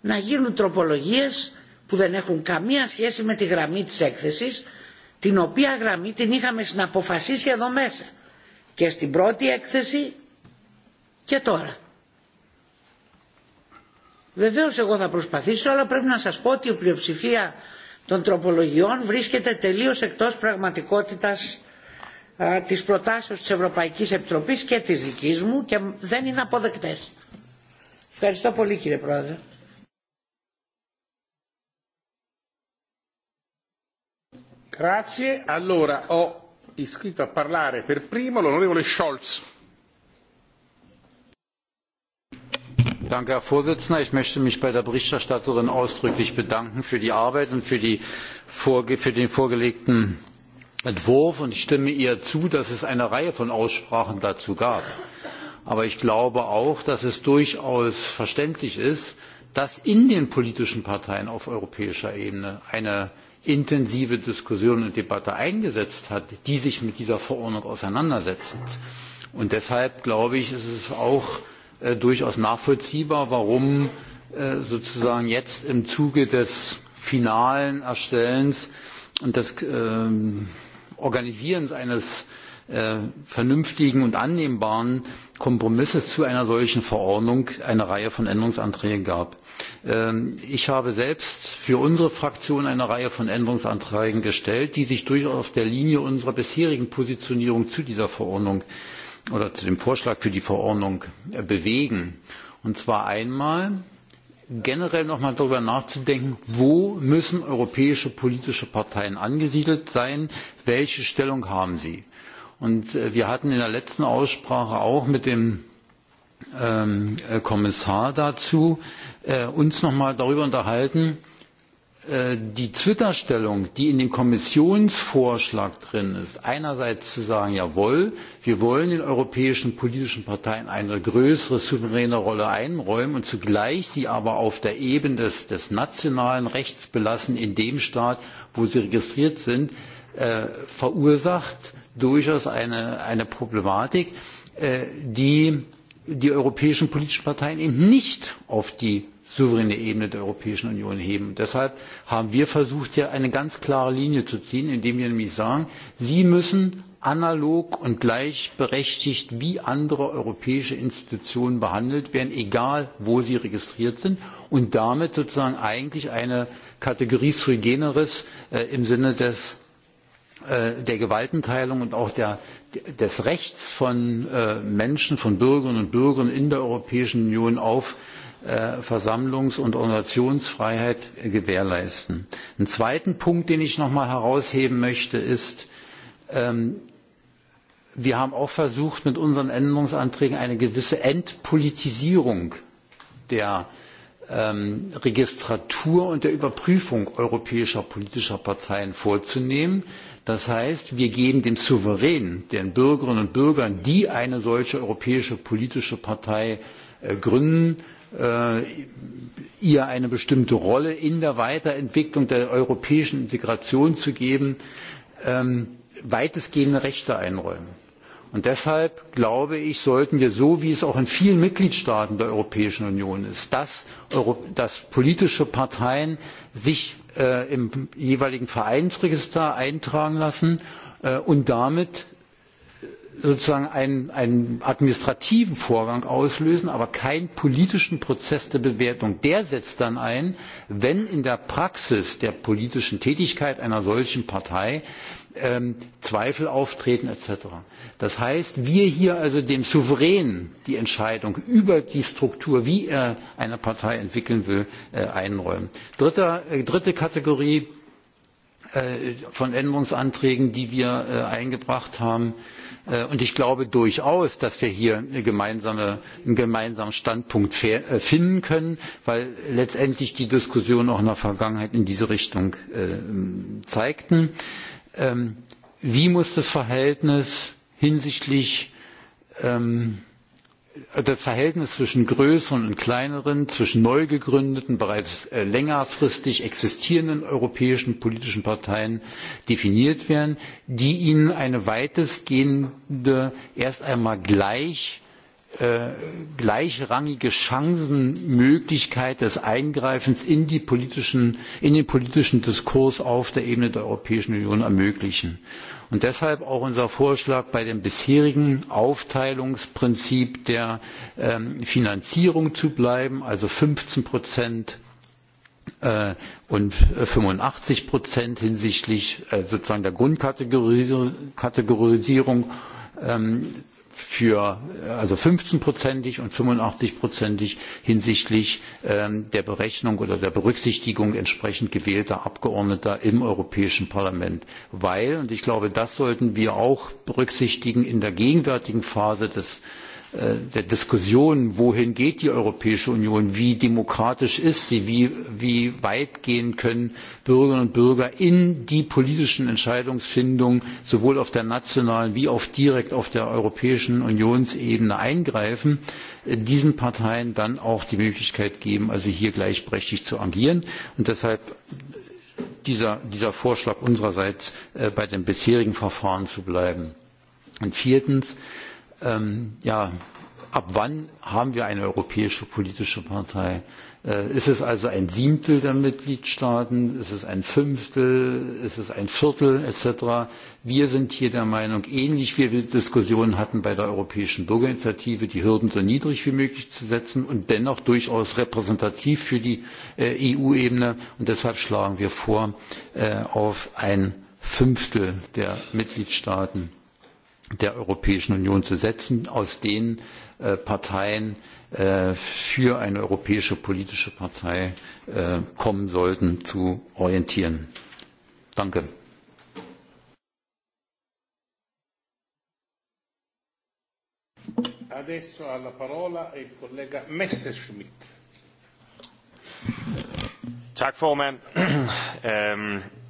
να γίνουν τροπολογίες που δεν έχουν καμία σχέση με τη γραμμή της έκθεσης την οποία γραμμή την είχαμε συναποφασίσει εδώ μέσα και στην πρώτη έκθεση και τώρα. Βεβαίως εγώ θα προσπαθήσω αλλά πρέπει να σας πω ότι η πλειοψηφία των τροπολογιών βρίσκεται τελείως εκτός πραγματικότητας α, της προτάσεως της Ευρωπαϊκής Επιτροπής και της δικής μου και δεν είναι αποδεκτές. Ευχαριστώ πολύ κύριε Πρόεδρε. Grazie. Allora ho iscritto a parlare per primo l'onorevole Scholz. Danke, Herr Vorsitzender. Ich möchte mich bei der Berichterstatterin ausdrücklich bedanken für die Arbeit und für, die, für den vorgelegten Entwurf und ich stimme ihr zu, dass es eine Reihe von Aussprachen dazu gab. Aber ich glaube auch, dass es durchaus verständlich ist, dass in den politischen Parteien auf europäischer Ebene eine intensive Diskussion und Debatte eingesetzt hat, die sich mit dieser Verordnung auseinandersetzen. Und deshalb glaube ich, ist es auch äh, durchaus nachvollziehbar, warum äh, sozusagen jetzt im Zuge des finalen Erstellens und des äh, Organisierens eines Äh, vernünftigen und annehmbaren kompromisses zu einer solchen verordnung eine reihe von änderungsanträgen gab. Ähm, ich habe selbst für unsere fraktion eine reihe von änderungsanträgen gestellt die sich durchaus auf der linie unserer bisherigen positionierung zu dieser verordnung oder zu dem vorschlag für die verordnung äh, bewegen und zwar einmal generell noch einmal darüber nachzudenken wo müssen europäische politische parteien angesiedelt sein welche stellung haben sie? Und äh, wir hatten in der letzten Aussprache auch mit dem ähm, äh, Kommissar dazu äh, uns nochmal darüber unterhalten, äh, die Twitter-Stellung, die in dem Kommissionsvorschlag drin ist, einerseits zu sagen, jawohl, wir wollen den europäischen politischen Parteien eine größere souveräne Rolle einräumen und zugleich sie aber auf der Ebene des, des nationalen Rechts belassen in dem Staat, wo sie registriert sind, äh, verursacht durchaus eine, eine Problematik, äh, die die europäischen politischen Parteien eben nicht auf die souveräne Ebene der Europäischen Union heben. Und deshalb haben wir versucht, hier eine ganz klare Linie zu ziehen, indem wir nämlich sagen, sie müssen analog und gleichberechtigt wie andere europäische Institutionen behandelt werden, egal wo sie registriert sind und damit sozusagen eigentlich eine Kategorie sui generis äh, im Sinne des Äh, der gewaltenteilung und auch der, des rechts von äh, menschen von bürgerinnen und bürgern in der europäischen union auf äh, versammlungs und organisationsfreiheit gewährleisten. ein zweiter punkt den ich noch einmal herausheben möchte ist ähm, wir haben auch versucht mit unseren änderungsanträgen eine gewisse entpolitisierung der ähm, registratur und der überprüfung europäischer politischer parteien vorzunehmen. Das heißt, wir geben dem Souverän, den Bürgerinnen und Bürgern, die eine solche europäische politische Partei äh, gründen, äh, ihr eine bestimmte Rolle in der Weiterentwicklung der europäischen Integration zu geben, ähm, weitestgehende Rechte einräumen. Und deshalb glaube ich, sollten wir so, wie es auch in vielen Mitgliedstaaten der Europäischen Union ist, dass, dass politische Parteien sich Äh, im jeweiligen vereinsregister eintragen lassen äh, und damit äh, sozusagen einen, administrativen vorgang auslösen aber keinen politischen prozess der bewertung. der setzt dann ein wenn in der praxis der politischen tätigkeit einer solchen partei Ähm, Zweifel auftreten etc. Das heißt, wir hier also dem Souverän die Entscheidung über die Struktur, wie er eine Partei entwickeln will, äh, einräumen. Dritter, äh, dritte Kategorie äh, von Änderungsanträgen, die wir eingebracht haben. Und ich glaube durchaus, dass wir hier eine gemeinsame, einen gemeinsamen Standpunkt finden können, weil letztendlich die Diskussionen auch in der Vergangenheit in diese Richtung zeigten Ähm, wie muss das Verhältnis hinsichtlich ähm, das Verhältnis zwischen größeren und kleineren, zwischen neu gegründeten, bereits äh, längerfristig existierenden europäischen politischen Parteien definiert werden, die ihnen eine weitestgehende, erst einmal gleich Äh, gleichrangige chancen möglichkeit des eingreifens in, in den politischen diskurs auf der ebene der europäischen union ermöglichen. Und deshalb auch unser vorschlag bei dem bisherigen aufteilungsprinzip der ähm, finanzierung zu bleiben also fünfzehn äh, und fünfundachtzig hinsichtlich äh, sozusagen der grundkategorisierung ähm, für also 15-prozentig und 85-prozentig hinsichtlich ähm, der Berechnung oder der Berücksichtigung entsprechend gewählter Abgeordneter im Europäischen Parlament. Weil, und ich glaube, das sollten wir auch berücksichtigen, in der gegenwärtigen Phase des Äh, der Diskussion, wohin geht die Europäische Union, wie demokratisch ist sie, wie, wie weit gehen können Bürgerinnen und Bürger in die politischen Entscheidungsfindungen sowohl auf der nationalen wie auch direkt auf der Europäischen Unionsebene eingreifen, äh, diesen Parteien dann auch die Möglichkeit geben, also hier gleichberechtigt zu agieren. Und deshalb dieser, dieser Vorschlag unsererseits, äh, bei dem bisherigen Verfahren zu bleiben. Und viertens, ähm, ja, ab wann haben wir eine europäische politische Partei? Äh, ist es also ein Siebtel der Mitgliedstaaten? Ist es ein Fünftel? Ist es ein Viertel etc.? Wir sind hier der Meinung, ähnlich wie wir Diskussionen hatten bei der Europäischen Bürgerinitiative, die Hürden so niedrig wie möglich zu setzen und dennoch durchaus repräsentativ für die äh, EU-Ebene. Und deshalb schlagen wir vor, äh, auf ein Fünftel der Mitgliedstaaten der Europäischen Union zu setzen, aus denen äh, Parteien äh, für eine europäische politische Partei äh, kommen sollten, zu orientieren. Danke. Adesso ha parola il collega Messerschmidt. Tak, formand.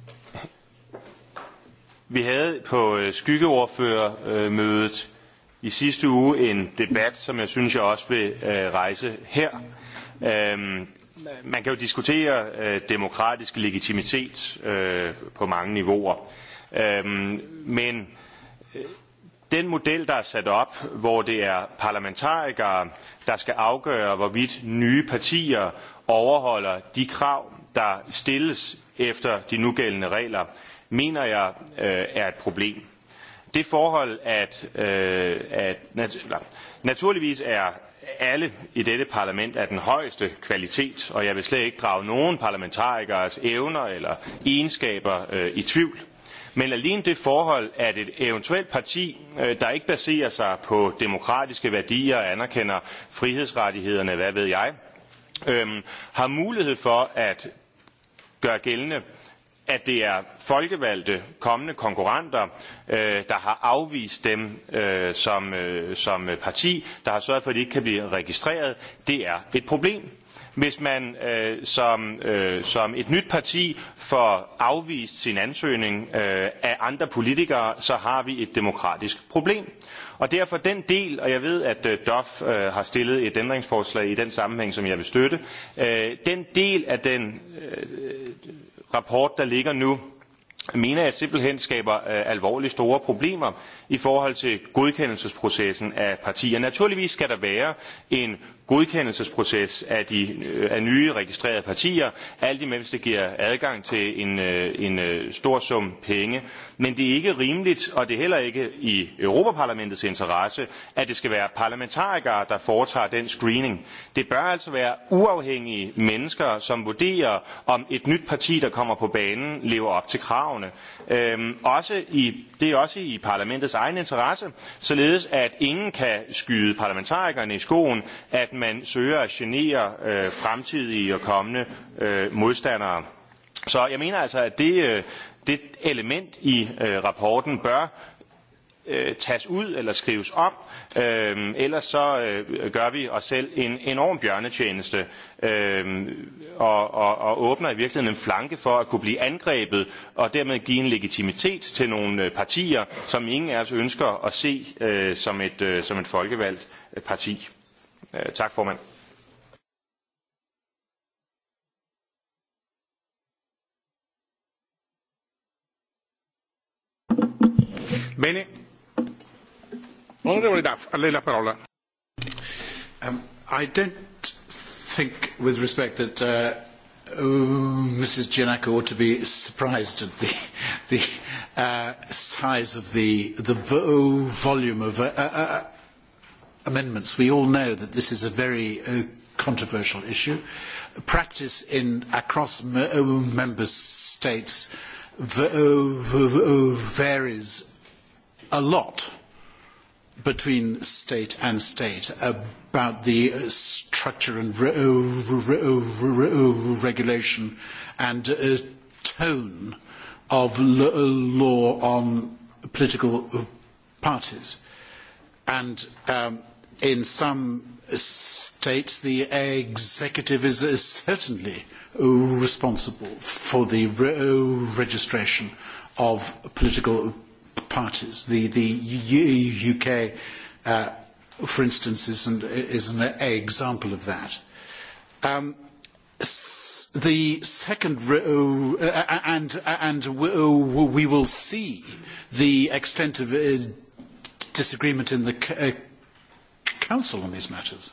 Vi havde på øh, skyggeordførermødet øh, i sidste uge en debat, som jeg synes, jeg også vil øh, rejse her. Man kan jo diskutere demokratisk legitimitet på mange niveauer, men den model, der er sat op, hvor det er parlamentarikere, der skal afgøre, hvorvidt nye partier overholder de krav, der stilles efter de nugældende regler, mener jeg øh, er et problem. Det forhold, at, øh, at nat naturligvis er alle i dette parlament af den højeste kvalitet, og jeg vil slet ikke drage nogen parlamentarikers evner eller egenskaber øh, i tvivl. Men alene det forhold, at et eventuelt parti, øh, der ikke baserer sig på demokratiske værdier og anerkender frihedsrettighederne, hvad ved jeg, øhm, har mulighed for at gøre gældende at det er folkevalgte kommende konkurrenter, øh, der har afvist dem øh, som, øh, som parti, der har sørget for, at de ikke kan blive registreret, det er et problem. Hvis man øh, som, øh, som et nyt parti får afvist sin ansøgning øh, af andre politikere, så har vi et demokratisk problem. Og derfor den del, og jeg ved, at øh, DOF øh, har stillet et ændringsforslag i den sammenhæng, som jeg vil støtte, øh, den del af den øh, rapport der ligger nu mener jeg simpelt hen skaber øh, alvorligt store problemer i forhold til godkendelsesprocessen af partier. naturligvis skal der være en godkendelsesproces af, de, øh, af nye registrerede partier, alt imens det giver adgang til en, øh, en øh, stor sum penge. Men det er ikke rimeligt, og det er heller ikke i Europaparlamentets interesse, at det skal være parlamentarikere, der foretager den screening. Det bør altså være uafhængige mennesker, som vurderer, om et nyt parti, der kommer på banen, lever op til kravene. Øhm, også i, det er også i parlamentets egen interesse, således at ingen kan skyde parlamentarikerne i skoen, at man søger at genere øh, fremtidige og kommende øh, modstandere. Så jeg mener altså, at det, øh, det element i øh, rapporten bør øh, tages ud eller skrives om, øh, ellers så øh, gør vi os selv en enorm bjørnetjeneste øh, og, og, og åbner i virkeligheden en flanke for at kunne blive angrebet og dermed give en legitimitet til nogle øh, partier, som ingen af os ønsker at se øh, som, et, øh, som et folkevalgt øh, parti. Eh, tak formand. Bene. Onorevole Duff, a lei la parola. Um, I don't think, with respect, that uh, uh Mrs. Giannaco ought to be surprised at the, the uh, size of the, the volume of uh, uh, uh amendments. We all know that this is a very uh, controversial issue. Practice in across uh, member states uh, uh, varies a lot between state and state about the structure and regulation and tone of law on political parties. And um, in some states the executive is, is certainly responsible for the re registration of political parties. The, the UK, uh, for instance, is an, is an, example of that. Um, the second, uh, and, and we will see the extent of uh, disagreement in the uh, Council on these matters,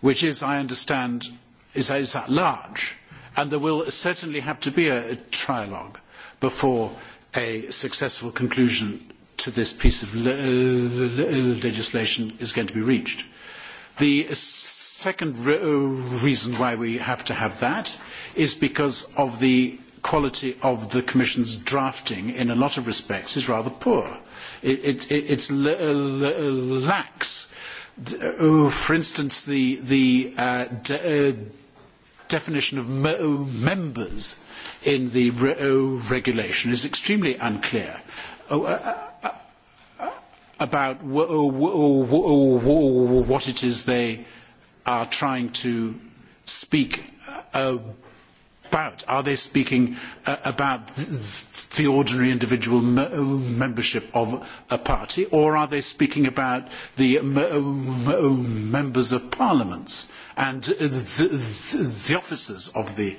which is, I understand, is, is at large, and there will certainly have to be a, a trialogue before a successful conclusion to this piece of le le legislation is going to be reached. The second re uh, reason why we have to have that is because of the quality of the Commission's drafting in a lot of respects is rather poor. It, it, it's lax Uh, oh, for instance, the, the uh, de uh, definition of oh, members in the re oh, regulation is extremely unclear. Uh, uh, uh, about what it is they are trying to speak about about? Are they speaking uh, about th the ordinary individual uh, membership of a party, or are they speaking about the uh, uh, members of parliaments and the, the officers of the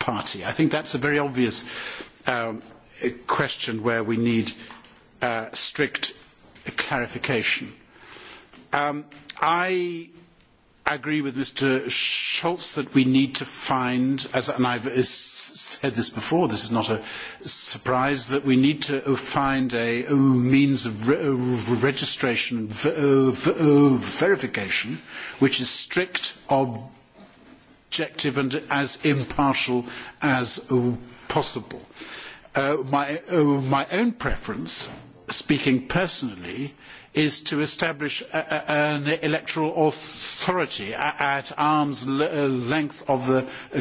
party? I think that's a very obvious um, question where we need uh, strict clarification. Um, I agree with Mr. Schultz that we need to find, as and I've said this before, this is not a surprise, that we need to find a means of registration, verification, which is strict, objective and as impartial as possible. Uh, my, uh, my own preference, speaking personally, is to establish an electoral authority at arm's uh, length of the uh,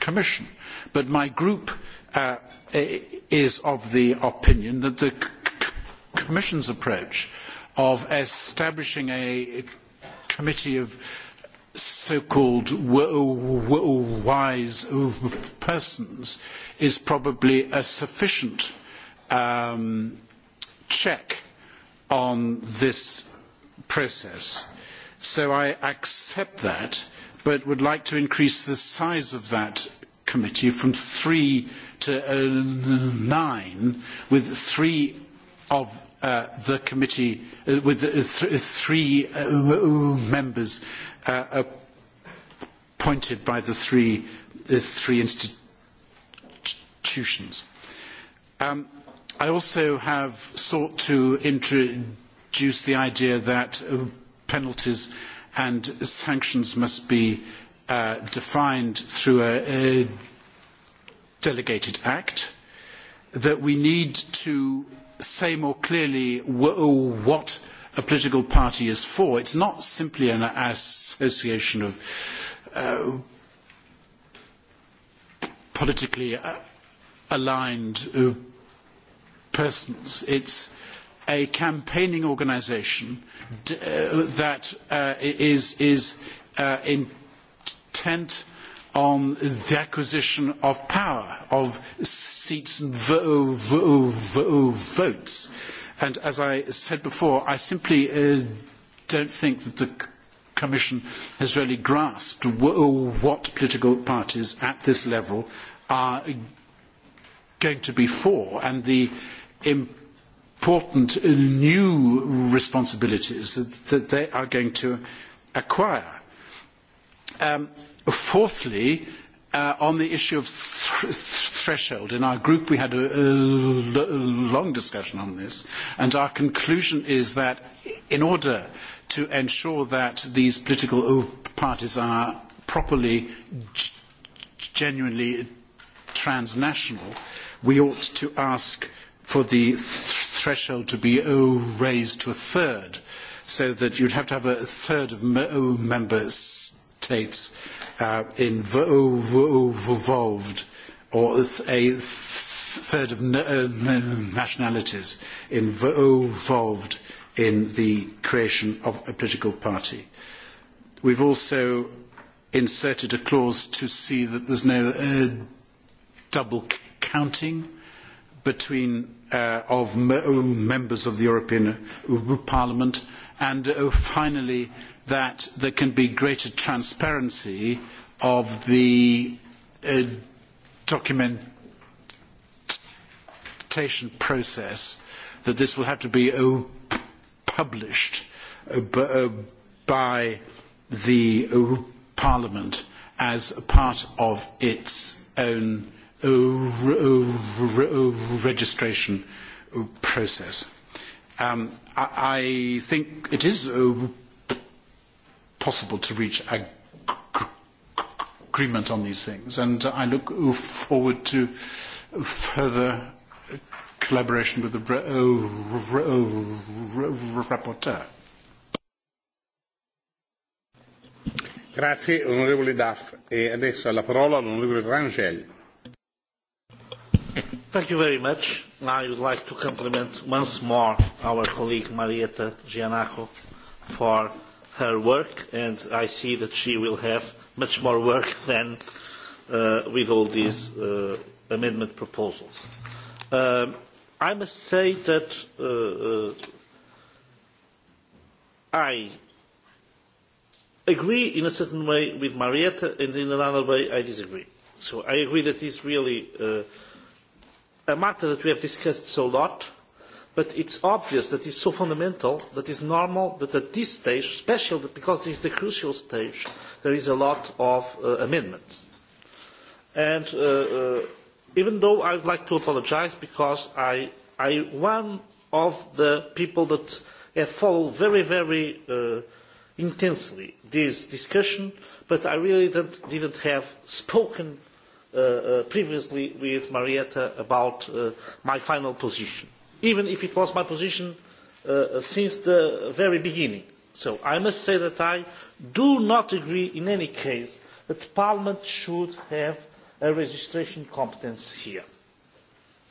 Commission. But my group uh, is of the opinion that the Commission's approach of establishing a committee of so-called wise persons is probably a sufficient um, check on this process. So I accept that, but would like to increase the size of that committee from three to uh, nine, with three of uh, the committee, uh, with uh, th three uh, members uh, appointed by the three, three institutions. Um, I also have sought to introduce the idea that uh, penalties and sanctions must be uh, defined through a, a delegated act, that we need to say more clearly what a political party is for. It's not simply an association of uh, politically uh, aligned uh, persons. It's a campaigning organisation uh, that uh, is, is uh, intent on the acquisition of power, of seats and vo vo vo votes. And as I said before, I simply uh, don't think that the Commission has really grasped what political parties at this level are going to be for. And the important new responsibilities that, that they are going to acquire. Um, fourthly, uh, on the issue of th threshold, in our group we had a, a long discussion on this, and our conclusion is that in order to ensure that these political parties are properly, genuinely transnational, we ought to ask for the th threshold to be oh, raised to a third, so that you'd have to have a third of member states uh, involved, or a third of nationalities involved in the creation of a political party. We've also inserted a clause to see that there's no uh, double counting between uh, of um, members of the European uh, Parliament and uh, finally that there can be greater transparency of the uh, documentation process that this will have to be uh, published uh, by the Parliament as part of its own Uh, uh, uh, registration process. Um, I, I think it is possible to reach agreement on these things, and I look forward to further collaboration with the rapporteur. Grazie onorevole Daff e adesso alla parola l'onorevole Rangel. Thank you very much. I would like to compliment once more our colleague Marietta Giannaco for her work, and I see that she will have much more work than uh, with all these uh, amendment proposals. Um, I must say that uh, uh, I agree in a certain way with Marietta, and in another way I disagree. So I agree that it's really uh, a matter that we have discussed so lot, but it's obvious that it's so fundamental, that it's normal that at this stage, especially because this is the crucial stage, there is a lot of uh, amendments. And uh, uh, even though I would like to apologise because I, I one of the people that have followed very, very uh, intensely this discussion, but I really didn't, didn't have spoken Uh, uh, previously with Marietta about uh, my final position, even if it was my position since the very beginning. So I must say that I do not agree in any case that Parliament should have a registration competence here.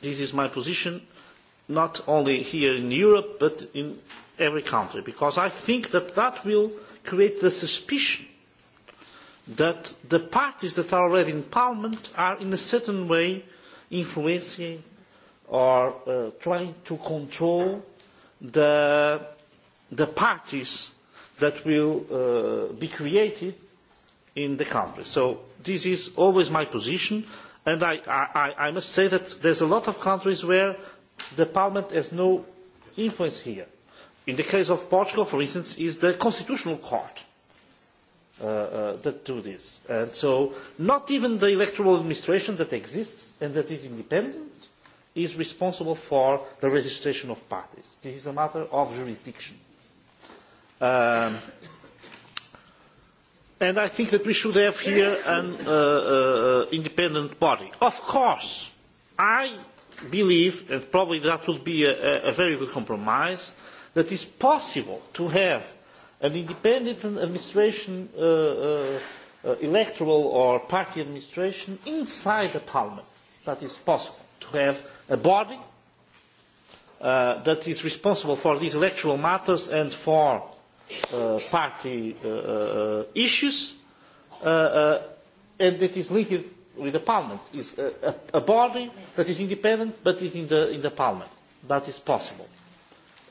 This is my position, not only here in Europe, but in every country, because I think that that will create the suspicion that the parties that are already in parliament are in a certain way influencing or uh, trying to control the, the parties that will uh, be created in the country. So this is always my position, and I, I, I must say that there's a lot of countries where the parliament has no influence here. In the case of Portugal, for instance, is the constitutional court Uh, uh, that do this. And so not even the electoral administration that exists and that is independent is responsible for the registration of parties. This is a matter of jurisdiction. Um, and I think that we should have here an uh, uh, independent body. Of course, I believe, and probably that would be a, a very good compromise, that it's possible to have an independent administration, uh, uh, uh, electoral or party administration inside the parliament. That is possible to have a body uh, that is responsible for these electoral matters and for uh, party uh, uh issues, uh, uh, and that is linked with the parliament. Is a, a, a body that is independent but is in the in the parliament. That is possible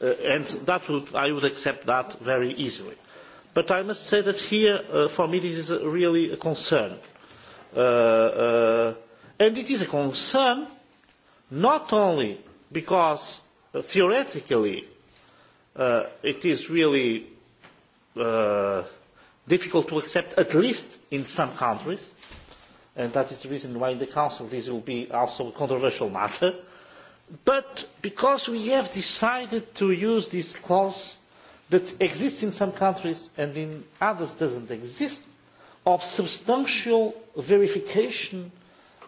Uh, and that would, I would accept that very easily. But I must say that here, uh, for me, this is a, really a concern. Uh, uh and it is a concern not only because uh, theoretically it is really difficult to accept, at least in some countries, and that is the reason why in the Council this will be also a controversial matter, but because we have decided to use this clause that exists in some countries and in others doesn't exist, of substantial verification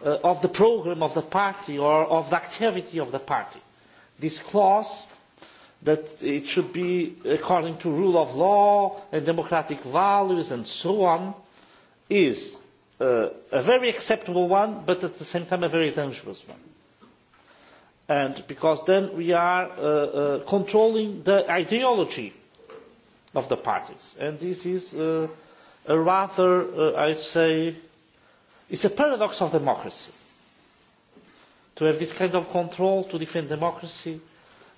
uh, of the programme of the party or of the activity of the party. This clause that it should be according to rule of law and democratic values and so on is uh, a very acceptable one, but at the same time a very dangerous one and because then we are uh, uh, controlling the ideology of the parties and this is uh, a rather uh, i would say it's a paradox of democracy to have this kind of control to defend democracy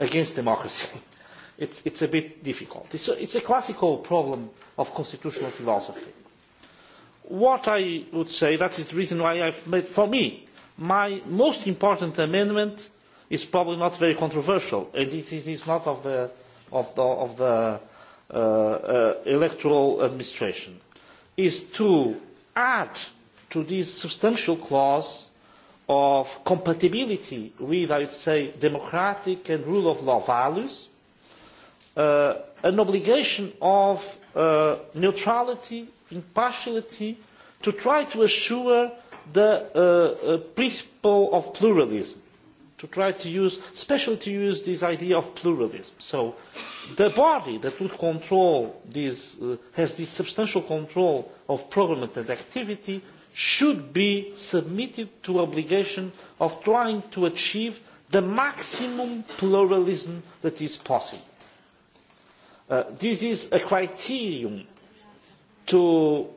against democracy it's it's a bit difficult it's a, it's a classical problem of constitutional philosophy what i would say that is the reason why i've made for me my most important amendment is probably not very controversial, and it is not of the, of the, of the uh, uh, electoral administration, is to add to this substantial clause of compatibility with, I would say, democratic and rule of law values, uh, an obligation of uh, neutrality, impartiality, to try to assure the uh, uh, principle of pluralism to try to use, especially to use this idea of pluralism. So the body that would control this, uh, has this substantial control of program and activity should be submitted to obligation of trying to achieve the maximum pluralism that is possible. Uh, this is a criterion to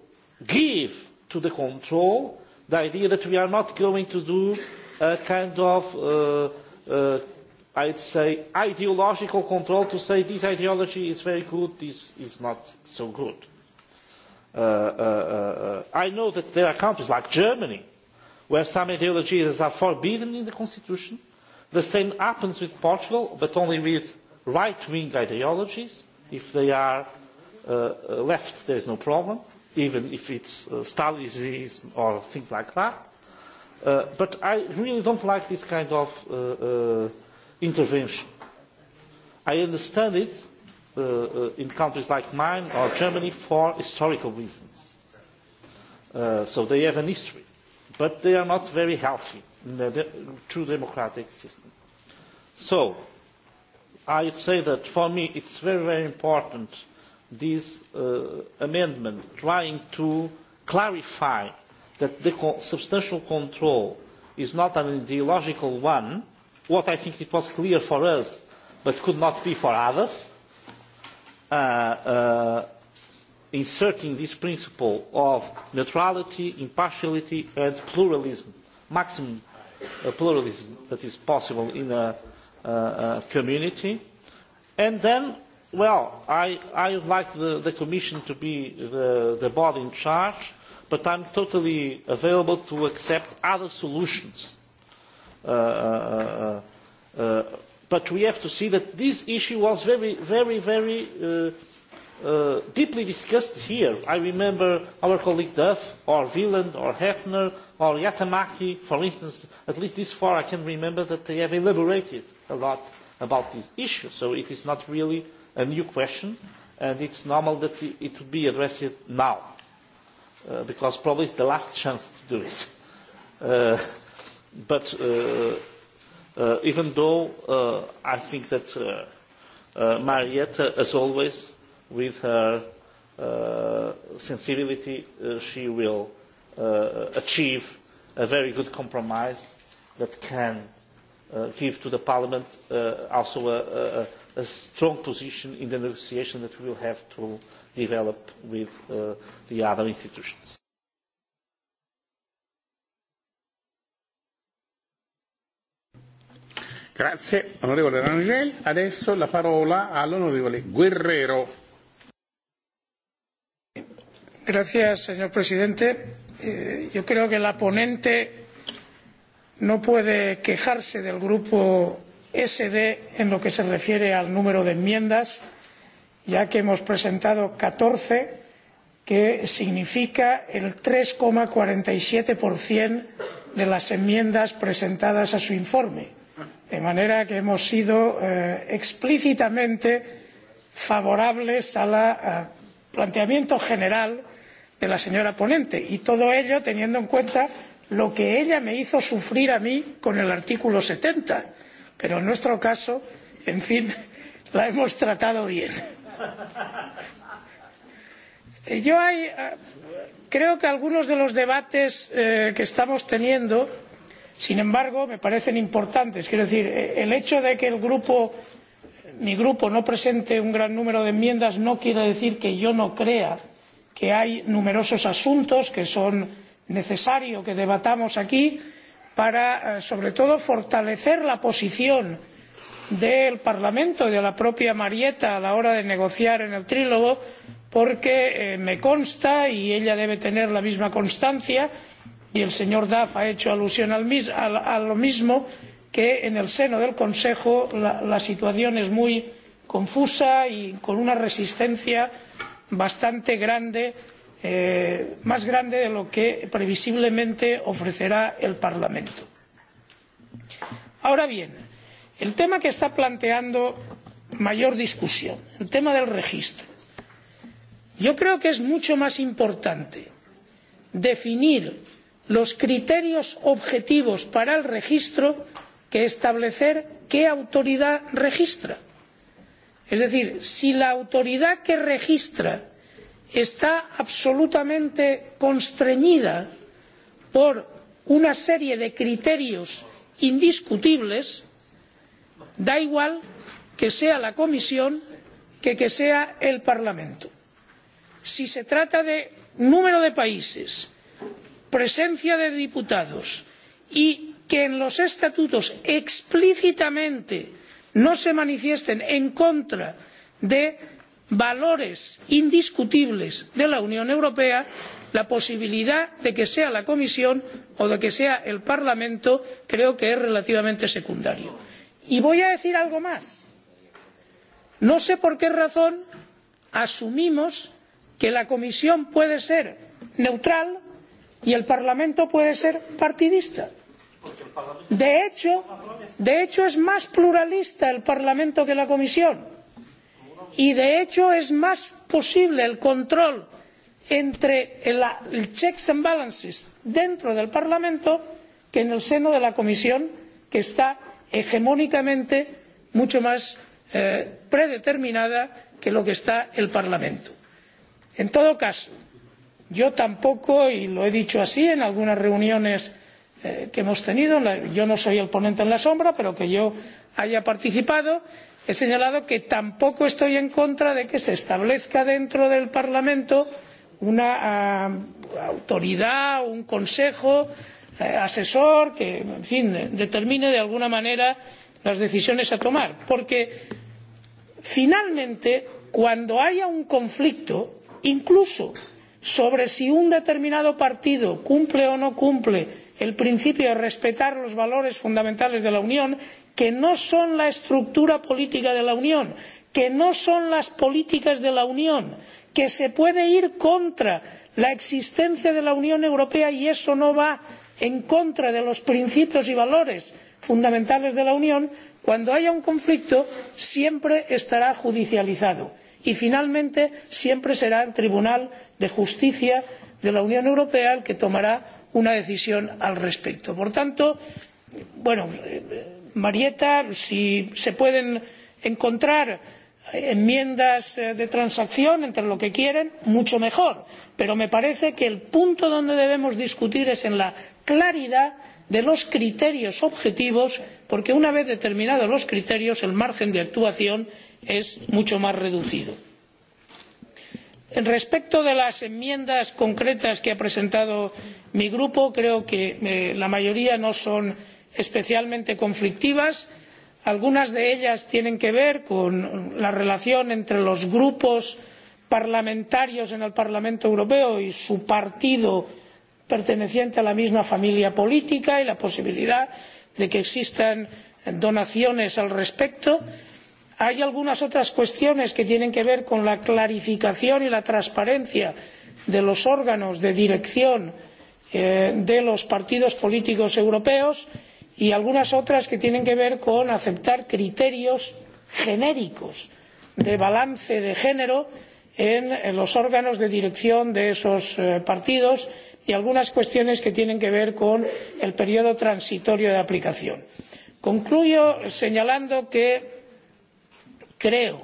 give to the control the idea that we are not going to do a kind of, uh, uh, I'd say, ideological control to say this ideology is very good, this is not so good. Uh, uh, I know that there are countries like Germany where some ideologies are forbidden in the constitution. The same happens with Portugal, but only with right-wing ideologies. If they are uh, left, there is no problem, even if it's uh, Stalinism or things like that. Uh, but I really don't like this kind of uh, uh, intervention. I understand it uh, uh, in countries like mine or Germany for historical reasons. so they have an history, but they are not very healthy in the de true democratic system. So I would say that for me it's very, very important this amendment trying to clarify that the substantial control is not an ideological one, what I think it was clear for us but could not be for others, uh, uh, inserting this principle of neutrality, impartiality and pluralism, maximum uh, pluralism that is possible in a, uh, a uh, community. And then, well, I, I would like the, the Commission to be the, the body in charge but I'm totally available to accept other solutions. Uh, uh, uh, uh, but we have to see that this issue was very, very, very uh, uh, deeply discussed here. I remember our colleague Duff, or Wieland, or Hefner, or Yatamaki, for instance, at least this far I can remember that they have elaborated a lot about this issue. So it is not really a new question, and it's normal that it would be addressed now Uh, because probably it's the last chance to do it. Uh, but uh, uh, even though uh, I think that uh, uh, Marietta, as always, with her uh, sensibility, uh, she will uh, achieve a very good compromise that can uh, give to the Parliament uh, also a, a, a strong position in the negotiation that we will have to develop with uh, the other institutions. Grazie onorevole Rangel. Adesso la parola all'onorevole Guerrero. Gracias, señor presidente. Eh, yo creo que la ponente no puede quejarse del grupo SD en lo que se refiere al número de enmiendas ya que hemos presentado catorce que significa el tres cuarenta y siete de las enmiendas presentadas a su informe de manera que hemos sido eh, explícitamente favorables al planteamiento general de la señora ponente y todo ello teniendo en cuenta lo que ella me hizo sufrir a mí con el artículo setenta pero en nuestro caso en fin la hemos tratado bien Yo hay, eh, creo que algunos de los debates eh, que estamos teniendo, sin embargo, me parecen importantes. Quiero decir, eh, el hecho de que el grupo, mi grupo no presente un gran número de enmiendas no quiere decir que yo no crea que hay numerosos asuntos que son necesarios que debatamos aquí para, eh, sobre todo, fortalecer la posición del parlamento y de la propia marietta a la hora de negociar en el trílogo porque eh, me consta y ella debe tener la misma constancia y el señor duff ha hecho alusión a lo mismo que en el seno del consejo la, la situación es muy confusa y con una resistencia bastante grande eh, más grande de lo que previsiblemente ofrecerá el parlamento. ahora bien el tema que está planteando mayor discusión el tema del registro yo creo que es mucho más importante definir los criterios objetivos para el registro que establecer qué autoridad registra. es decir si la autoridad que registra está absolutamente constreñida por una serie de criterios indiscutibles da igual que sea la comisión que que sea el parlamento. si se trata de número de países presencia de diputados y que en los estatutos explícitamente no se manifiesten en contra de valores indiscutibles de la unión europea la posibilidad de que sea la comisión o de que sea el parlamento creo que es relativamente secundaria y voy a decir algo más no sé por qué razón asumimos que la comisión puede ser neutral y el parlamento puede ser partidista. De hecho, de hecho es más pluralista el parlamento que la comisión y de hecho es más posible el control entre la, el checks and balances dentro del parlamento que en el seno de la comisión que está hegemónicamente mucho más eh, predeterminada que lo que está el parlamento. en todo caso yo tampoco y lo he dicho así en algunas reuniones eh, que hemos tenido yo no soy el ponente en la sombra, pero que yo haya participado he señalado que tampoco estoy en contra de que se establezca dentro del parlamento una uh, autoridad un consejo que Eh, asesor que en fin determine de alguna manera las decisiones a tomar porque finalmente cuando haya un conflicto incluso sobre si un determinado partido cumple o no cumple el principio de respetar los valores fundamentales de la unión que no son la estructura política de la unión que no son las políticas de la unión que se puede ir contra la existencia de la unión europea y eso no va en contra de los principios y valores fundamentales de la unión cuando haya un conflicto siempre estará judicializado y finalmente siempre será el tribunal de justicia de la unión europea el que tomará una decisión al respecto. por tanto bueno eh, marietta si se pueden encontrar enmiendas eh, de transacción entre lo que quieren mucho mejor pero me parece que el punto donde debemos discutir es en la claridad de los criterios objetivos porque una vez determinados los criterios el margen de actuación es mucho más reducido. respecto de las enmiendas concretas que ha presentado mi grupo creo que eh, la mayoría no son especialmente conflictivas algunas de ellas tienen que ver con la relación entre los grupos parlamentarios en el parlamento europeo y su partido perteneciente a la misma familia política y la posibilidad de que existan donaciones al respecto. hay algunas otras cuestiones que tienen que ver con la clarificación y la transparencia de los órganos de dirección eh, de los partidos políticos europeos y y algunas otras que tienen que ver con aceptar criterios genéricos de balance de género en, los órganos de dirección de esos eh, partidos y algunas cuestiones que tienen que ver con el periodo transitorio de aplicación. concluyo señalando que creo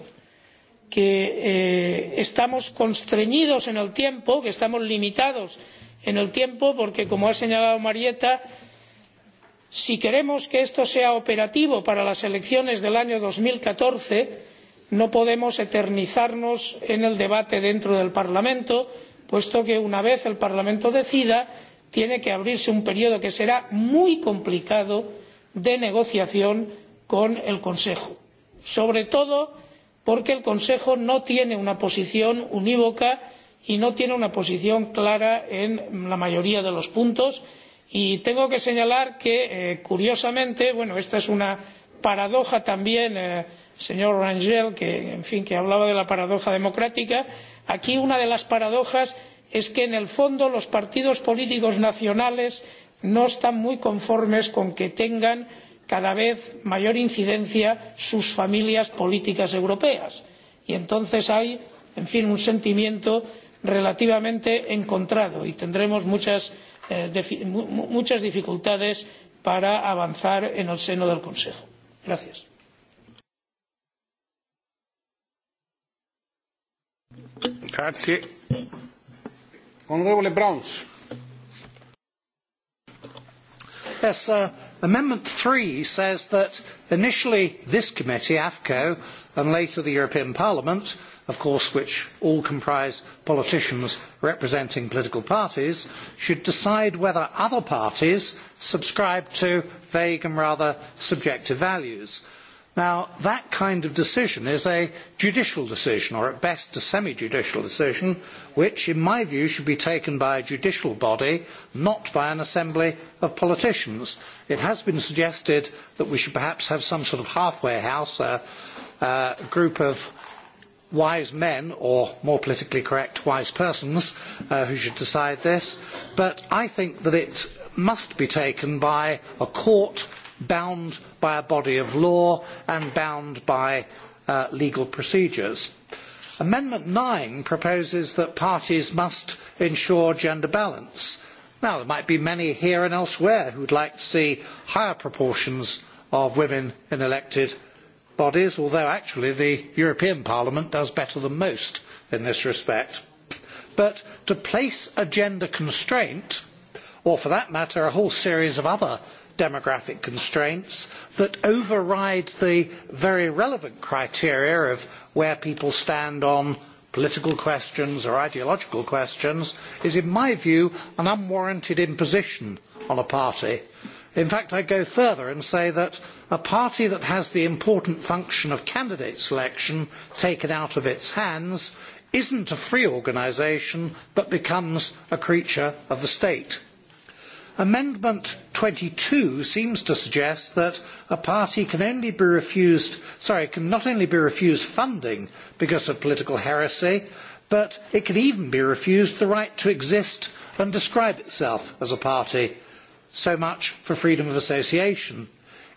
que eh, estamos constreñidos en el tiempo que estamos limitados en el tiempo porque como ha señalado marietta si queremos que esto sea operativo para las elecciones del año dos mil catorce no podemos eternizarnos en el debate dentro del parlamento puesto que una vez el parlamento decida tiene que abrirse un período que será muy complicado de negociación con el consejo sobre todo porque el consejo no tiene una posición unívoca y no tiene una posición clara en la mayoría de los puntos y y tengo que señalar que eh, curiosamente bueno esta es una paradoja también eh, señor rangel que en fin que hablaba de la paradoja democrática aquí una de las paradojas es que en el fondo los partidos políticos nacionales no están muy conformes con que tengan cada vez mayor incidencia sus familias políticas europeas y entonces hay en fin un sentimiento relativamente encontrado y tendremos muchas Eh, muchas dificultades para avanzar en el seno del Consejo. Gracias. Yes, uh, Amendment 3 says that initially this committee, AFCO, and later the European Parliament of course, which all comprise politicians representing political parties, should decide whether other parties subscribe to vague and rather subjective values. Now, that kind of decision is a judicial decision, or at best a semi-judicial decision, which, in my view, should be taken by a judicial body, not by an assembly of politicians. It has been suggested that we should perhaps have some sort of halfway house, a group of wise men, or more politically correct, wise persons, uh, who should decide this, but I think that it must be taken by a court bound by a body of law and bound by uh, legal procedures. Amendment 9 proposes that parties must ensure gender balance. Now, there might be many here and elsewhere who would like to see higher proportions of women in elected bodies, although actually the European Parliament does better than most in this respect. But to place a gender constraint, or for that matter a whole series of other demographic constraints that override the very relevant criteria of where people stand on political questions or ideological questions is, in my view, an unwarranted imposition on a party In fact, I go further and say that a party that has the important function of candidate selection taken out of its hands isn't a free organisation but becomes a creature of the state. Amendment 22 seems to suggest that a party can only be refused, sorry, can not only be refused funding because of political heresy, but it can even be refused the right to exist and describe itself as a party so much for freedom of association.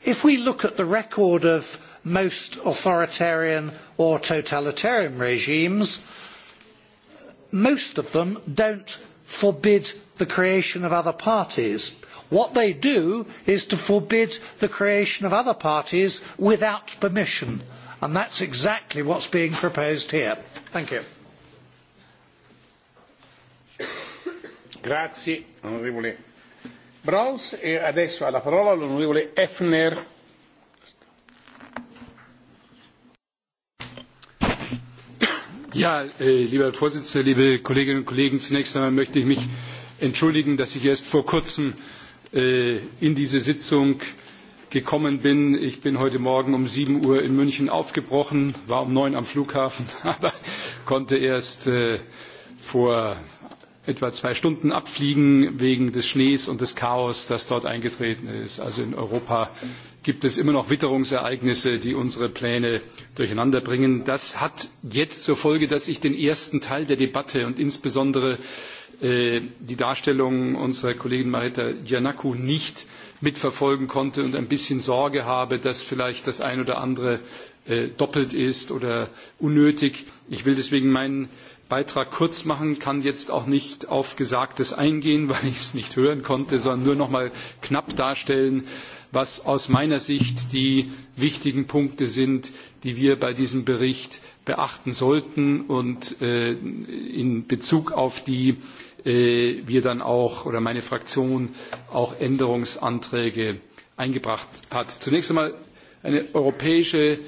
If we look at the record of most authoritarian or totalitarian regimes, most of them don't forbid the creation of other parties. What they do is to forbid the creation of other parties without permission. And that's exactly what's being proposed here. Thank you. Grazie, onorevole Browns e adesso ha la parola l'onorevole Effner. Ja, äh, lieber Herr Vorsitzender, liebe Kolleginnen und Kollegen, zunächst einmal möchte ich mich entschuldigen, dass ich erst vor kurzem äh, in diese Sitzung gekommen bin. Ich bin heute Morgen um 7 Uhr in München aufgebrochen, war um 9 Uhr am Flughafen, aber konnte erst äh, vor etwa zwei Stunden abfliegen wegen des Schnees und des Chaos, das dort eingetreten ist. Also in Europa gibt es immer noch Witterungsereignisse, die unsere Pläne durcheinander bringen. Das hat jetzt zur Folge, dass ich den ersten Teil der Debatte und insbesondere äh, die Darstellung unserer Kollegin Marita Giannakou nicht mitverfolgen konnte und ein bisschen Sorge habe, dass vielleicht das ein oder andere äh, doppelt ist oder unnötig. Ich will deswegen meinen Beitrag kurz machen, kann jetzt auch nicht auf Gesagtes eingehen, weil ich es nicht hören konnte, sondern nur noch mal knapp darstellen, was aus meiner Sicht die wichtigen Punkte sind, die wir bei diesem Bericht beachten sollten und äh, in Bezug auf die äh, wir dann auch oder meine Fraktion auch Änderungsanträge eingebracht hat. Zunächst einmal eine europäische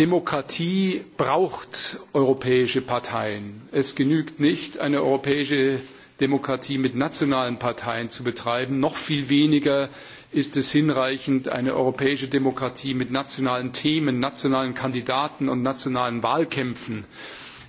Demokratie braucht europäische Parteien. Es genügt nicht, eine europäische Demokratie mit nationalen Parteien zu betreiben. Noch viel weniger ist es hinreichend, eine europäische Demokratie mit nationalen Themen, nationalen Kandidaten und nationalen Wahlkämpfen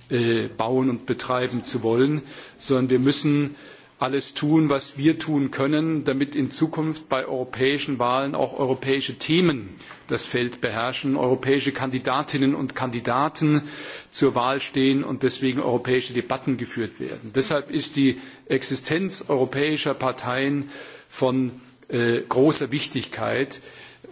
äh, bauen und betreiben zu wollen, sondern wir müssen alles tun, was wir tun können, damit in Zukunft bei europäischen Wahlen auch europäische Themen das Feld beherrschen, europäische Kandidatinnen und Kandidaten zur Wahl stehen und deswegen europäische Debatten geführt werden. Deshalb ist die Existenz europäischer Parteien von äh, großer Wichtigkeit.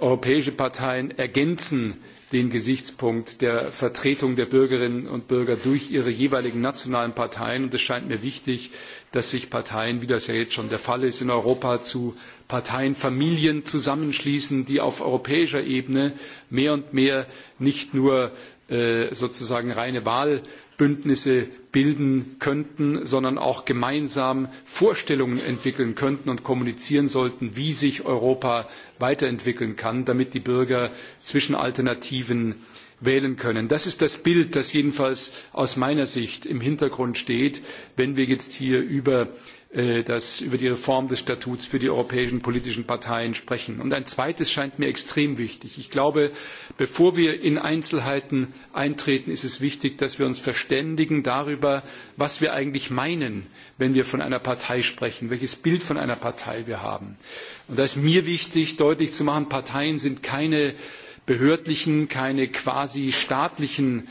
Europäische Parteien ergänzen den Gesichtspunkt der Vertretung der Bürgerinnen und Bürger durch ihre jeweiligen nationalen Parteien. Und es scheint mir wichtig, dass sich Parteien, wie das ja jetzt schon der Fall ist, in Europa zu Parteienfamilien zusammenschließen, die auf europäischer Ebene mehr und mehr nicht nur äh, sozusagen reine Wahlbündnisse bilden könnten, sondern auch gemeinsam Vorstellungen entwickeln könnten und kommunizieren sollten, wie sich Europa weiterentwickeln kann, damit die Bürger zwischen Alternativen wählen können. Das ist das Bild, das jedenfalls aus meiner Sicht im Hintergrund steht, wenn wir jetzt hier über Äh, das über die Reform des Statuts für die europäischen politischen Parteien sprechen. Und ein zweites scheint mir extrem wichtig. Ich glaube, bevor wir in Einzelheiten eintreten, ist es wichtig, dass wir uns verständigen darüber, was wir eigentlich meinen, wenn wir von einer Partei sprechen, welches Bild von einer Partei wir haben. Und da ist mir wichtig, deutlich zu machen, Parteien sind keine behördlichen, keine quasi staatlichen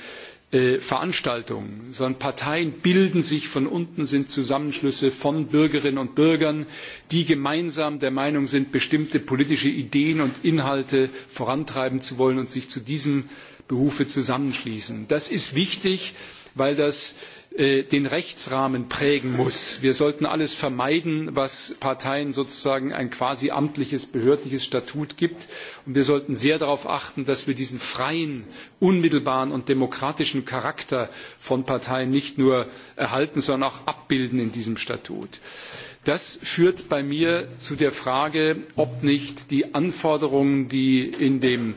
Äh, Veranstaltungen, sondern Parteien bilden sich von unten, sind Zusammenschlüsse von Bürgerinnen und Bürgern, die gemeinsam der Meinung sind, bestimmte politische Ideen und Inhalte vorantreiben zu wollen und sich zu diesem Behufe zusammenschließen. Das ist wichtig, weil das äh, Äh, den Rechtsrahmen prägen muss. Wir sollten alles vermeiden, was Parteien sozusagen ein quasi amtliches, behördliches Statut gibt. Und wir sollten sehr darauf achten, dass wir diesen freien, unmittelbaren und demokratischen Charakter von Parteien nicht nur erhalten, sondern auch abbilden in diesem Statut. Das führt bei mir zu der Frage, ob nicht die Anforderungen, die in dem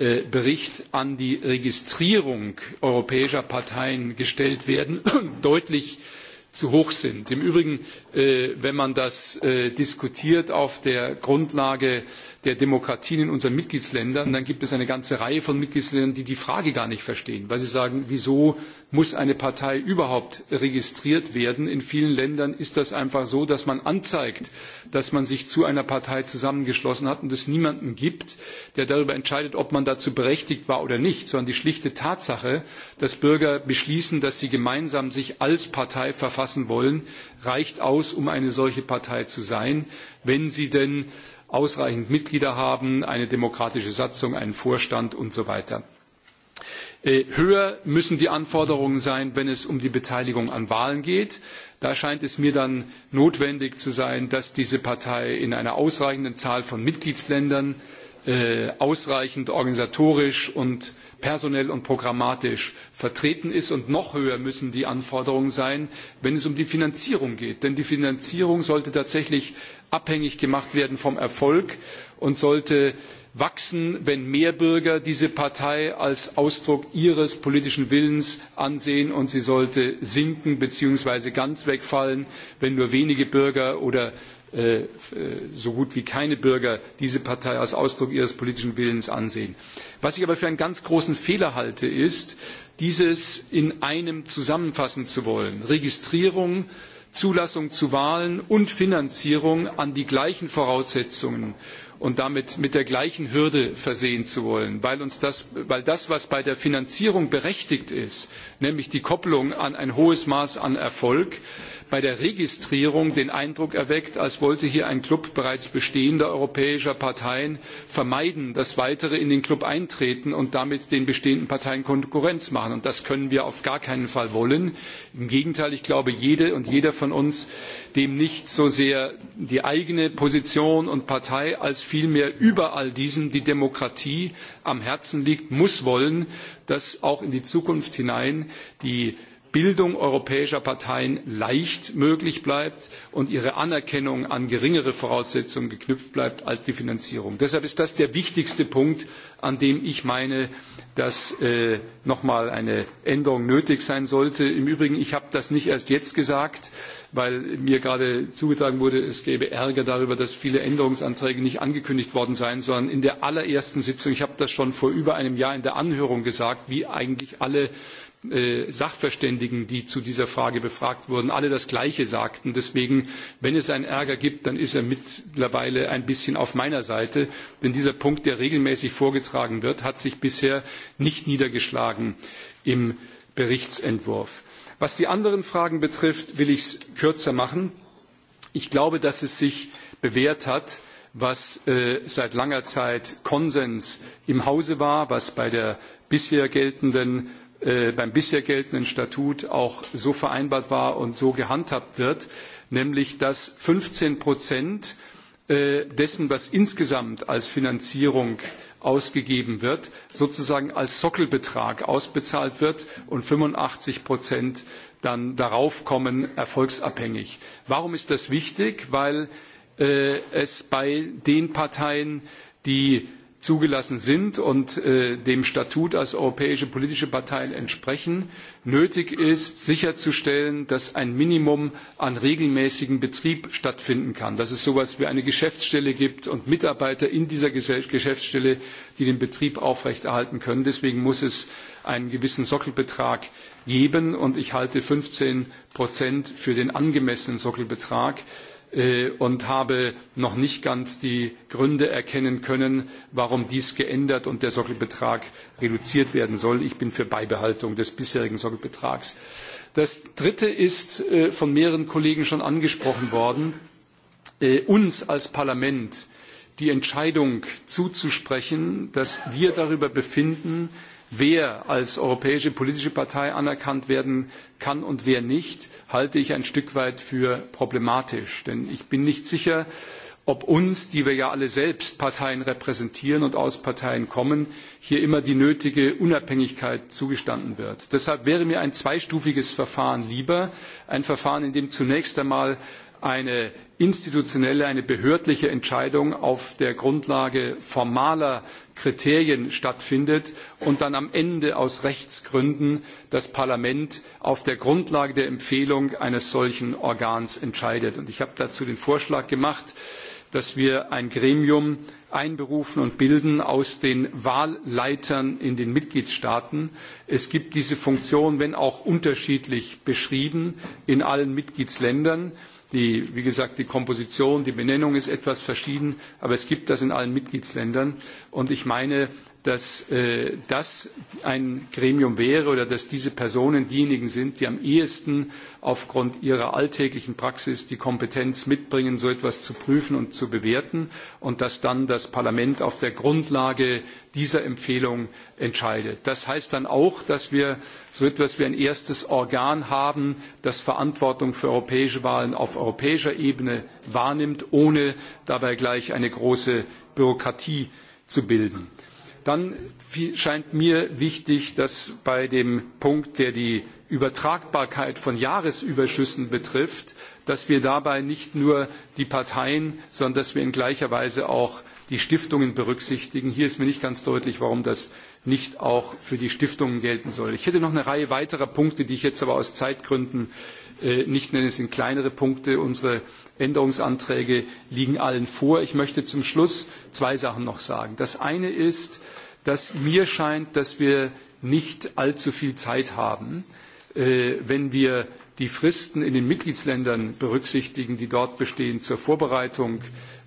Äh, Bericht an die Registrierung europäischer Parteien gestellt werden, deutlich zu hoch sind. Im Übrigen, äh, wenn man das äh, diskutiert auf der Grundlage der Demokratien in unseren Mitgliedsländern. Dann gibt es eine ganze Reihe von Mitgliedsländern, die die Frage gar nicht verstehen, weil sie sagen, wieso muss eine Partei überhaupt registriert werden? In vielen Ländern ist das einfach so, dass man anzeigt, dass man sich zu einer Partei zusammengeschlossen hat und es niemanden gibt, der darüber entscheidet, ob man dazu berechtigt war oder nicht, sondern die schlichte Tatsache, dass Bürger beschließen, dass sie gemeinsam sich als Partei verfassen wollen, reicht aus, um eine solche Partei zu sein, wenn sie denn ausreichend Mitglieder haben, eine demokratische Satzung, einen Vorstand und so weiter. Äh, höher müssen die Anforderungen sein, wenn es um die Beteiligung an Wahlen geht. Da scheint es mir dann notwendig zu sein, dass diese Partei in einer ausreichenden Zahl von Mitgliedsländern äh, ausreichend organisatorisch und personell und programmatisch vertreten ist. Und noch höher müssen die Anforderungen sein, wenn es um die Finanzierung geht. Denn die Finanzierung sollte tatsächlich abhängig gemacht werden vom Erfolg und sollte wachsen, wenn mehr Bürger diese Partei als Ausdruck ihres politischen Willens ansehen und sie sollte sinken bzw. ganz wegfallen, wenn nur wenige Bürger oder äh, äh so gut wie keine Bürger diese Partei als Ausdruck ihres politischen Willens ansehen. Was ich aber für einen ganz großen Fehler halte, ist, dieses in einem zusammenfassen zu wollen. Registrierung, äh, Zulassung zu Wahlen und Finanzierung an die gleichen Voraussetzungen und damit mit der gleichen Hürde versehen zu wollen, weil, uns das, weil das, was bei der Finanzierung berechtigt ist, nämlich die Kopplung an ein hohes Maß an Erfolg, bei der Registrierung den Eindruck erweckt, als wollte hier ein Club bereits bestehender europäischer Parteien vermeiden, dass weitere in den Club eintreten und damit den bestehenden Parteien Konkurrenz machen. Und das können wir auf gar keinen Fall wollen. Im Gegenteil, ich glaube, jede und jeder von uns, dem nicht so sehr die eigene Position und Partei als vielmehr überall diesem die Demokratie am Herzen liegt, muss wollen, dass auch in die Zukunft hinein die Bildung europäischer Parteien leicht möglich bleibt und ihre Anerkennung an geringere Voraussetzungen geknüpft bleibt als die Finanzierung. Deshalb ist das der wichtigste Punkt, an dem ich meine, dass äh, nochmal eine Änderung nötig sein sollte. Im Übrigen, ich habe das nicht erst jetzt gesagt, weil mir gerade zugetragen wurde, es gäbe Ärger darüber, dass viele Änderungsanträge nicht angekündigt worden seien, sondern in der allerersten Sitzung, ich habe das schon vor über einem Jahr in der Anhörung gesagt, wie eigentlich alle Äh, Sachverständigen, die zu dieser Frage befragt wurden, alle das Gleiche sagten. Deswegen, wenn es einen Ärger gibt, dann ist er mittlerweile ein bisschen auf meiner Seite. Denn dieser Punkt, der regelmäßig vorgetragen wird, hat sich bisher nicht niedergeschlagen im Berichtsentwurf. Was die anderen Fragen betrifft, will ich es kürzer machen. Ich glaube, dass es sich bewährt hat, was äh, seit langer Zeit Konsens im Hause war, was bei der bisher geltenden Äh, beim bisher geltenden Statut auch so vereinbart war und so gehandhabt wird, nämlich dass 15 Prozent äh, dessen, was insgesamt als Finanzierung ausgegeben wird, sozusagen als Sockelbetrag ausbezahlt wird und 85 Prozent dann darauf kommen, erfolgsabhängig. Warum ist das wichtig? Weil äh, es bei den Parteien, die zugelassen sind und äh, dem Statut als europäische politische Parteien entsprechen, nötig ist, sicherzustellen, dass ein Minimum an regelmäßigem Betrieb stattfinden kann, dass es so etwas wie eine Geschäftsstelle gibt und Mitarbeiter in dieser Geschäftsstelle, die den Betrieb aufrechterhalten können. Deswegen muss es einen gewissen Sockelbetrag geben und ich halte 15 Prozent für den angemessenen Sockelbetrag. Äh, und habe noch nicht ganz die Gründe erkennen können, warum dies geändert und der Sockelbetrag reduziert werden soll. Ich bin für Beibehaltung des bisherigen Sockelbetrags. Das Dritte ist äh, von mehreren Kollegen schon angesprochen worden. Äh, uns als Parlament die Entscheidung zuzusprechen, dass wir darüber befinden, wer als europäische politische Partei anerkannt werden kann und wer nicht, halte ich ein Stück weit für problematisch. Denn ich bin nicht sicher, ob uns, die wir ja alle selbst Parteien repräsentieren und aus Parteien kommen, hier immer die nötige Unabhängigkeit zugestanden wird. Deshalb wäre mir ein zweistufiges Verfahren lieber, ein Verfahren, in dem zunächst einmal eine institutionelle, eine behördliche Entscheidung auf der Grundlage formaler Kriterien stattfindet und dann am Ende aus Rechtsgründen das Parlament auf der Grundlage der Empfehlung eines solchen Organs entscheidet. Und ich habe dazu den Vorschlag gemacht, dass wir ein Gremium einberufen und bilden aus den Wahlleitern in den Mitgliedstaaten. Es gibt diese Funktion, wenn auch unterschiedlich beschrieben, in allen Mitgliedsländern. Die, wie gesagt, die Komposition, die Benennung ist etwas verschieden, aber es gibt das in allen Mitgliedsländern. Und ich meine, dass äh, das ein Gremium wäre oder dass diese Personen diejenigen sind, die am ehesten aufgrund ihrer alltäglichen Praxis die Kompetenz mitbringen, so etwas zu prüfen und zu bewerten und dass dann das Parlament auf der Grundlage dieser Empfehlung entscheidet. Das heißt dann auch, dass wir so etwas wie ein erstes Organ haben, das Verantwortung für europäische Wahlen auf europäischer Ebene wahrnimmt, ohne dabei gleich eine große Bürokratie zu bilden. Dann scheint mir wichtig, dass bei dem Punkt, der die Übertragbarkeit von Jahresüberschüssen betrifft, dass wir dabei nicht nur die Parteien, sondern dass wir in gleicher Weise auch die Stiftungen berücksichtigen. Hier ist mir nicht ganz deutlich, warum das nicht auch für die Stiftungen gelten soll. Ich hätte noch eine Reihe weiterer Punkte, die ich jetzt aber aus Zeitgründen äh, nicht nenne. Es sind kleinere Punkte. Unsere Änderungsanträge liegen allen vor. Ich möchte zum Schluss zwei Sachen noch sagen. Das eine ist, dass mir scheint, dass wir nicht allzu viel Zeit haben, äh, wenn wir die Fristen in den Mitgliedsländern berücksichtigen, die dort bestehen zur Vorbereitung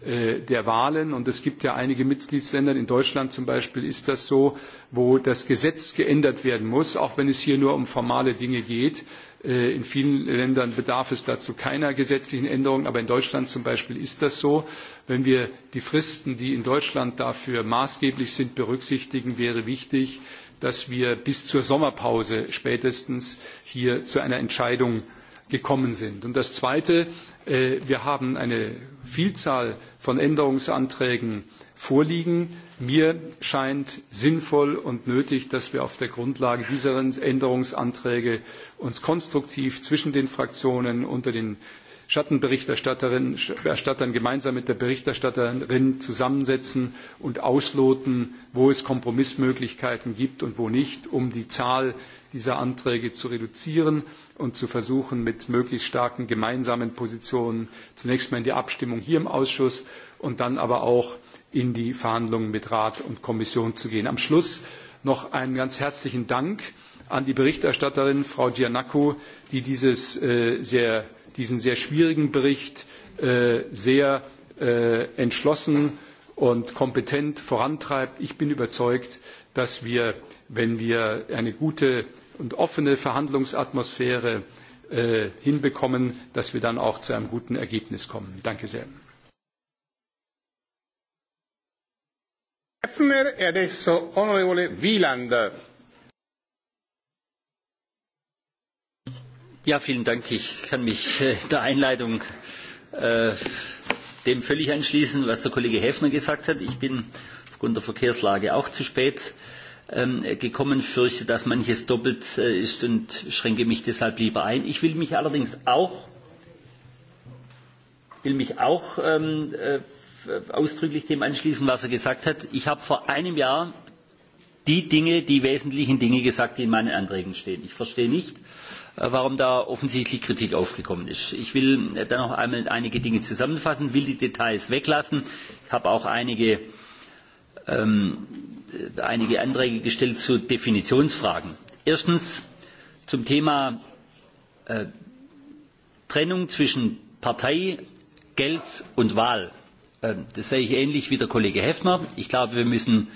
äh, der Wahlen. Und es gibt ja einige Mitgliedsländer, in Deutschland zum Beispiel ist das so, wo das Gesetz geändert werden muss, auch wenn es hier nur um formale Dinge geht Äh, in vielen Ländern bedarf es dazu keiner gesetzlichen Änderung, aber in Deutschland zum Beispiel ist das so. Wenn wir die Fristen, die in Deutschland dafür maßgeblich sind, berücksichtigen, wäre wichtig, dass wir bis zur Sommerpause spätestens hier zu einer Entscheidung gekommen sind. Und das Zweite, äh, wir haben eine Vielzahl von Änderungsanträgen vorliegen Mir scheint sinnvoll und nötig, dass wir auf der Grundlage dieser Änderungsanträge uns konstruktiv zwischen den Fraktionen unter den Schattenberichterstattern gemeinsam mit der Berichterstatterin zusammensetzen und ausloten, wo es Kompromissmöglichkeiten gibt und wo nicht, um die Zahl dieser Anträge zu reduzieren und zu versuchen, mit möglichst starken gemeinsamen Positionen zunächst mal in die Abstimmung hier im Ausschuss und dann aber auch in die Verhandlungen mit Rat und Kommission zu gehen. Am Schluss noch einen ganz herzlichen Dank an die Berichterstatterin Frau Giannakou, die dieses, äh, sehr, diesen sehr schwierigen Bericht äh, sehr äh, entschlossen und kompetent vorantreibt. Ich bin überzeugt, dass wir, wenn wir eine gute und offene Verhandlungsatmosphäre äh, hinbekommen, dass wir dann auch zu einem guten Ergebnis kommen. Danke sehr. Hefner e adesso onorevole Wieland. Ja, vielen Dank. Ich kann mich äh, der Einleitung äh, dem völlig anschließen, was der Kollege Häfner gesagt hat. Ich bin aufgrund der Verkehrslage auch zu spät ähm, gekommen, fürchte, dass manches doppelt äh, ist und schränke mich deshalb lieber ein. Ich will mich allerdings auch, will mich auch ähm, äh, Äh, ausdrücklich dem anschließen, was er gesagt hat. Ich habe vor einem Jahr die Dinge, die wesentlichen Dinge gesagt, die in meinen Anträgen stehen. Ich verstehe nicht, äh, warum da offensichtlich Kritik aufgekommen ist. Ich will äh, dann noch einmal einige Dinge zusammenfassen, will die Details weglassen. Ich habe auch einige, ähm, einige Anträge gestellt zu Definitionsfragen. Erstens zum Thema äh, Trennung zwischen Partei, Geld und Wahl Ähm, das sehe ich ähnlich wie der Kollege Heffner. Ich glaube, wir müssen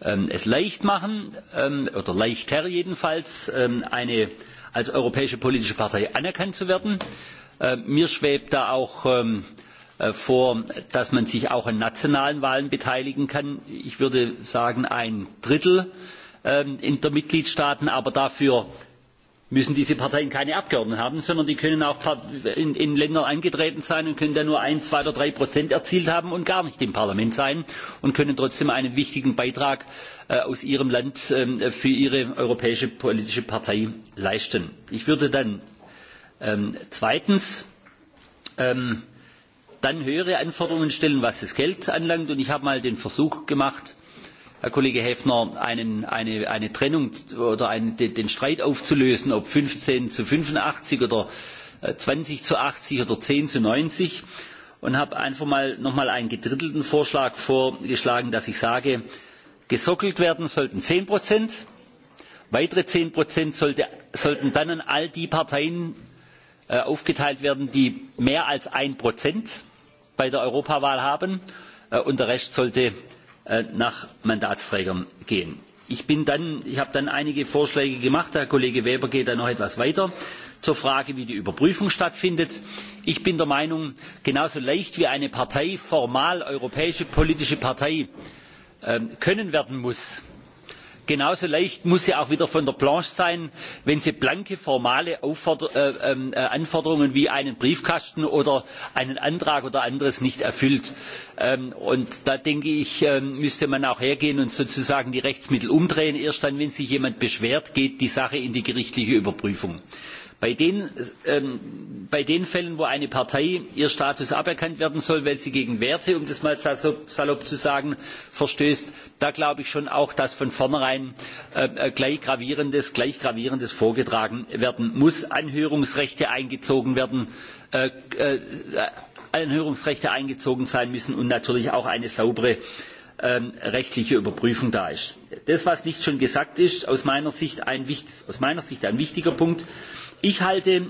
ähm, es leicht machen, ähm, oder leichter jedenfalls, eine als europäische politische Partei anerkannt zu werden. Äh, mir schwebt da auch äh, vor, dass man sich auch an nationalen Wahlen beteiligen kann. Ich würde sagen, ein Drittel in der Mitgliedstaaten, aber dafür müssen diese Parteien keine Abgeordneten haben, sondern die können auch in, in Ländern angetreten sein und können da nur ein, zwei oder drei Prozent erzielt haben und gar nicht im Parlament sein und können trotzdem einen wichtigen Beitrag äh, aus ihrem Land äh, für ihre europäische politische Partei leisten. Ich würde dann ähm, zweitens ähm, dann höhere Anforderungen stellen, was das Geld anlangt. Und ich habe mal den Versuch gemacht, herr kollege häfner eine, trennung oder den streit aufzulösen ob fünfzehn zu fünfundachtzig oder äh, zwanzig zu achtzig oder zehn zu neunzig und habe einfach noch mal einen gedrittelten vorschlag vorgeschlagen dass ich sage gesockelt werden sollten zehn prozent weitere zehn prozent sollten dann an all die parteien äh, aufgeteilt werden die mehr als ein prozent bei der europawahl haben äh, und der rest sollte Äh, nach Mandatsträgern gehen. Ich, habe dann einige Vorschläge gemacht. Herr Kollege Weber geht da noch etwas weiter zur Frage, wie die Überprüfung stattfindet. Ich bin der Meinung, genauso leicht wie eine Partei formal europäische politische Partei ähm, können werden muss, genauso leicht muss sie auch wieder von der planche sein wenn sie blanke formale äh, ähm, äh, anforderungen wie einen briefkasten oder einen antrag oder anderes nicht erfüllt. Ähm, da denke ich ähm, müsste man auch hergehen und sozusagen die rechtsmittel umdrehen erst dann wenn sich jemand beschwert geht die sache in die gerichtliche überprüfung. Ähm, bei den, Fällen, wo einer Partei ihr Status aberkannt werden soll, weil sie gegen Werte, um das mal salopp zu sagen, verstößt, da glaube ich schon auch, dass von vornherein äh, äh, gleich, gravierendes, gleich gravierendes vorgetragen werden muss, Anhörungsrechte eingezogen äh, sein müssen und natürlich auch eine saubere ähm, rechtliche Überprüfung da ist. Das, was nicht schon gesagt ist, aus meiner Sicht ein wichtiger Punkt ich halte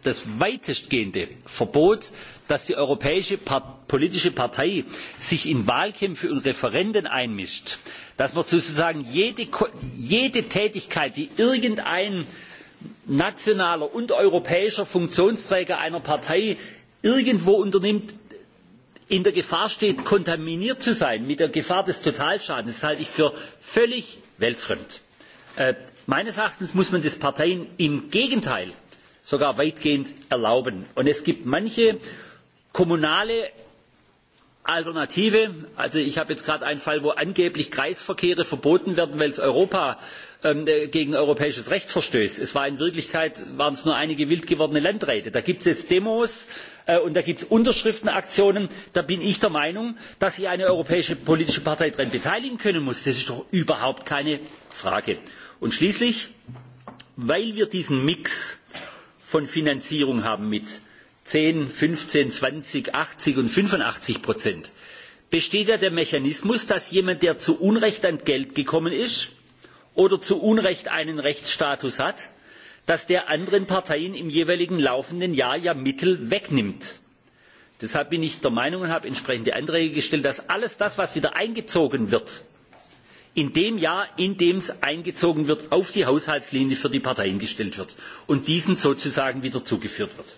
das, weitestgehende verbot dass die europäische politische partei sich in wahlkämpfe und referenden einmischt dass man sozusagen jede, tätigkeit die irgendein nationaler und europäischer funktionsträger einer partei irgendwo unternimmt in der gefahr steht kontaminiert zu sein mit der gefahr des totalschadens das halte ich für völlig weltfremd. Äh, meines erachtens muss man das parteien im gegenteil sogar weitgehend erlauben. Und es gibt manche kommunale alternative also ich habe jetzt gerade einen fall wo angeblich kreisverkehre verboten werden weil es ähm, äh, gegen europäisches recht verstößt. es waren in wirklichkeit nur einige wild gewordene landräte. da gibt es jetzt demos äh, und da gibt es unterschriftenaktionen. da bin ich der meinung dass sich eine europäische politische partei daran beteiligen können muss das ist doch überhaupt keine frage. Und schließlich, weil wir diesen Mix von Finanzierung haben mit 10, 15, 20, 80 und 85 Prozent, besteht ja der Mechanismus, dass jemand, der zu Unrecht an Geld gekommen ist oder zu Unrecht einen Rechtsstatus hat, dass der anderen Parteien im jeweiligen laufenden Jahr ja Mittel wegnimmt. Deshalb bin ich der Meinung und habe entsprechende Anträge gestellt, dass alles das, was wieder eingezogen wird, in dem Jahr, in dem es eingezogen wird, auf die Haushaltslinie für die Parteien gestellt wird und diesen sozusagen wieder zugeführt wird.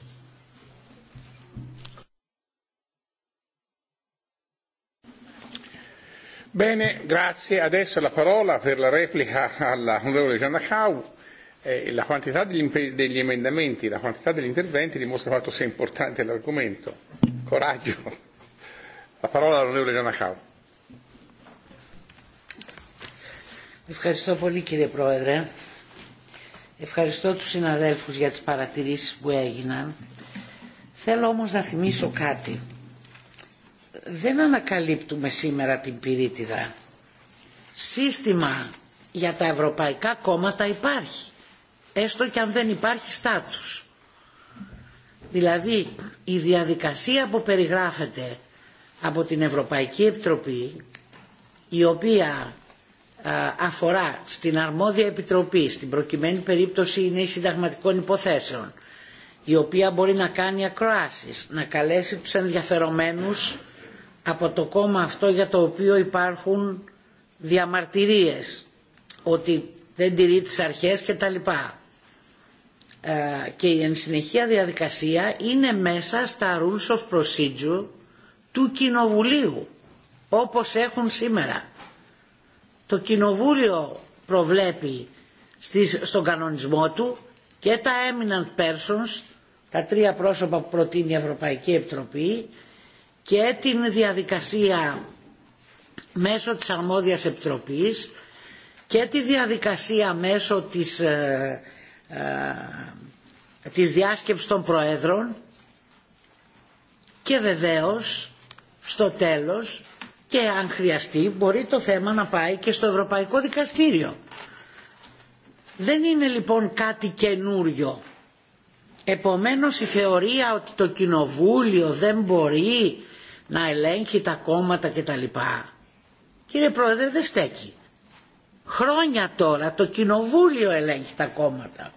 Bene, grazie. Adesso la parola per la replica all'onorevole Giannacau. Eh, la quantità degli, degli emendamenti, la quantità degli interventi dimostra quanto sia importante l'argomento. Coraggio. La parola all'onorevole Giannacau. Ευχαριστώ πολύ κύριε Πρόεδρε. Ευχαριστώ τους συναδέλφους για τις παρατηρήσεις που έγιναν. Θέλω όμως να θυμίσω κάτι. Δεν ανακαλύπτουμε σήμερα την πυρίτιδα. Σύστημα για τα ευρωπαϊκά κόμματα υπάρχει. Έστω και αν δεν υπάρχει στάτους. Δηλαδή η διαδικασία που περιγράφεται από την Ευρωπαϊκή Επιτροπή η οποία αφορά στην αρμόδια επιτροπή, στην προκειμένη περίπτωση είναι η συνταγματικών υποθέσεων, η οποία μπορεί να κάνει ακροάσεις, να καλέσει τους ενδιαφερομένους από το κόμμα αυτό για το οποίο υπάρχουν διαμαρτυρίες, ότι δεν τηρεί τις αρχές κτλ. Και η ενσυνεχεία διαδικασία είναι μέσα στα rules of procedure του Κοινοβουλίου, όπως έχουν σήμερα το Κοινοβούλιο προβλέπει στις, στον κανονισμό του και τα eminent persons, τα τρία πρόσωπα που προτείνει η Ευρωπαϊκή Επιτροπή και την διαδικασία μέσω της αρμόδιας επιτροπής και τη διαδικασία μέσω της, ε, ε, της διάσκεψης των προέδρων και βεβαίως στο τέλος και αν χρειαστεί μπορεί το θέμα να πάει και στο Ευρωπαϊκό Δικαστήριο. Δεν είναι λοιπόν κάτι καινούριο. Επομένως η θεωρία ότι το κοινοβούλιο δεν μπορεί να ελέγχει τα κόμματα κτλ. Κύριε Πρόεδρε δεν στέκει. Χρόνια τώρα το κοινοβούλιο ελέγχει τα κόμματα.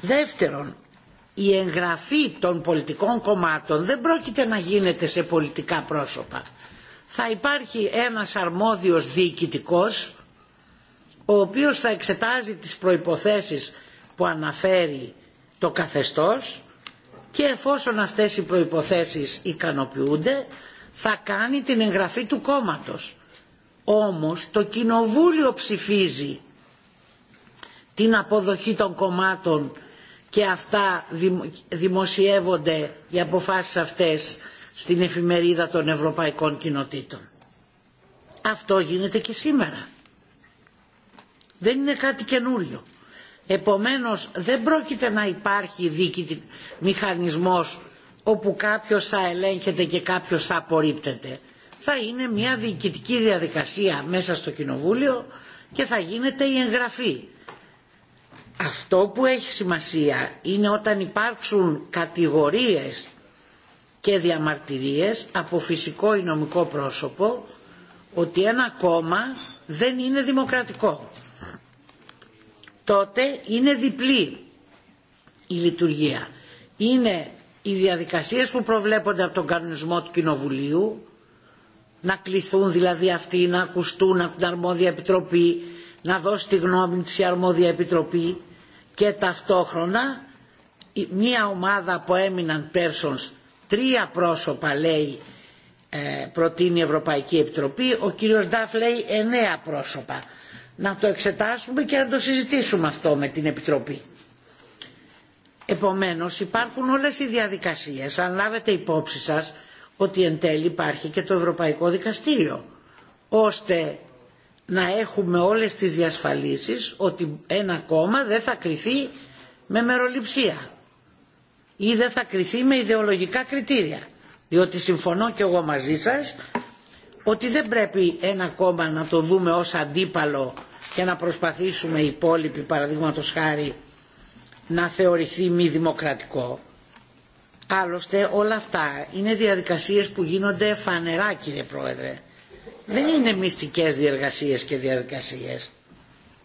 Δεύτερον, η εγγραφή των πολιτικών κομμάτων δεν πρόκειται να γίνεται σε πολιτικά πρόσωπα θα υπάρχει ένας αρμόδιος διοικητικός ο οποίος θα εξετάζει τις προϋποθέσεις που αναφέρει το καθεστώς και εφόσον αυτές οι προϋποθέσεις ικανοποιούνται θα κάνει την εγγραφή του κόμματος. Όμως το κοινοβούλιο ψηφίζει την αποδοχή των κομμάτων και αυτά δημοσιεύονται οι αποφάσεις αυτές στην εφημερίδα των Ευρωπαϊκών Κοινοτήτων. Αυτό γίνεται και σήμερα. Δεν είναι κάτι καινούριο. Επομένως δεν πρόκειται να υπάρχει δίκη μηχανισμός όπου κάποιος θα ελέγχεται και κάποιος θα απορρίπτεται. Θα είναι μια διοικητική διαδικασία μέσα στο Κοινοβούλιο και θα γίνεται η εγγραφή. Αυτό που έχει σημασία είναι όταν υπάρξουν κατηγορίες και διαμαρτυρίες από φυσικό ή νομικό πρόσωπο ότι ένα κόμμα δεν είναι δημοκρατικό. Τότε είναι διπλή η λειτουργία. Είναι οι διαδικασίες που προβλέπονται από τον κανονισμό του Κοινοβουλίου, να κληθούν δηλαδή αυτοί να ακουστούν από την αρμόδια επιτροπή, να δώσει τη γνώμη της η αρμόδια επιτροπή και ταυτόχρονα μία ομάδα που έμειναν persons τρία πρόσωπα λέει προτείνει η Ευρωπαϊκή Επιτροπή, ο κύριος Νταφ λέει εννέα πρόσωπα. Να το εξετάσουμε και να το συζητήσουμε αυτό με την Επιτροπή. Επομένως υπάρχουν όλες οι διαδικασίες, αν λάβετε υπόψη σας ότι εν τέλει υπάρχει και το Ευρωπαϊκό Δικαστήριο, ώστε να έχουμε όλες τις διασφαλίσεις ότι ένα κόμμα δεν θα κριθεί με μεροληψία ή δεν θα κριθεί με ιδεολογικά κριτήρια. Διότι συμφωνώ και εγώ μαζί σας ότι δεν πρέπει ένα κόμμα να το δούμε ως αντίπαλο και να προσπαθήσουμε οι υπόλοιποι παραδείγματο χάρη να θεωρηθεί μη δημοκρατικό. Άλλωστε όλα αυτά είναι διαδικασίες που γίνονται φανερά κύριε Πρόεδρε. Δεν είναι μυστικές διεργασίες και διαδικασίες.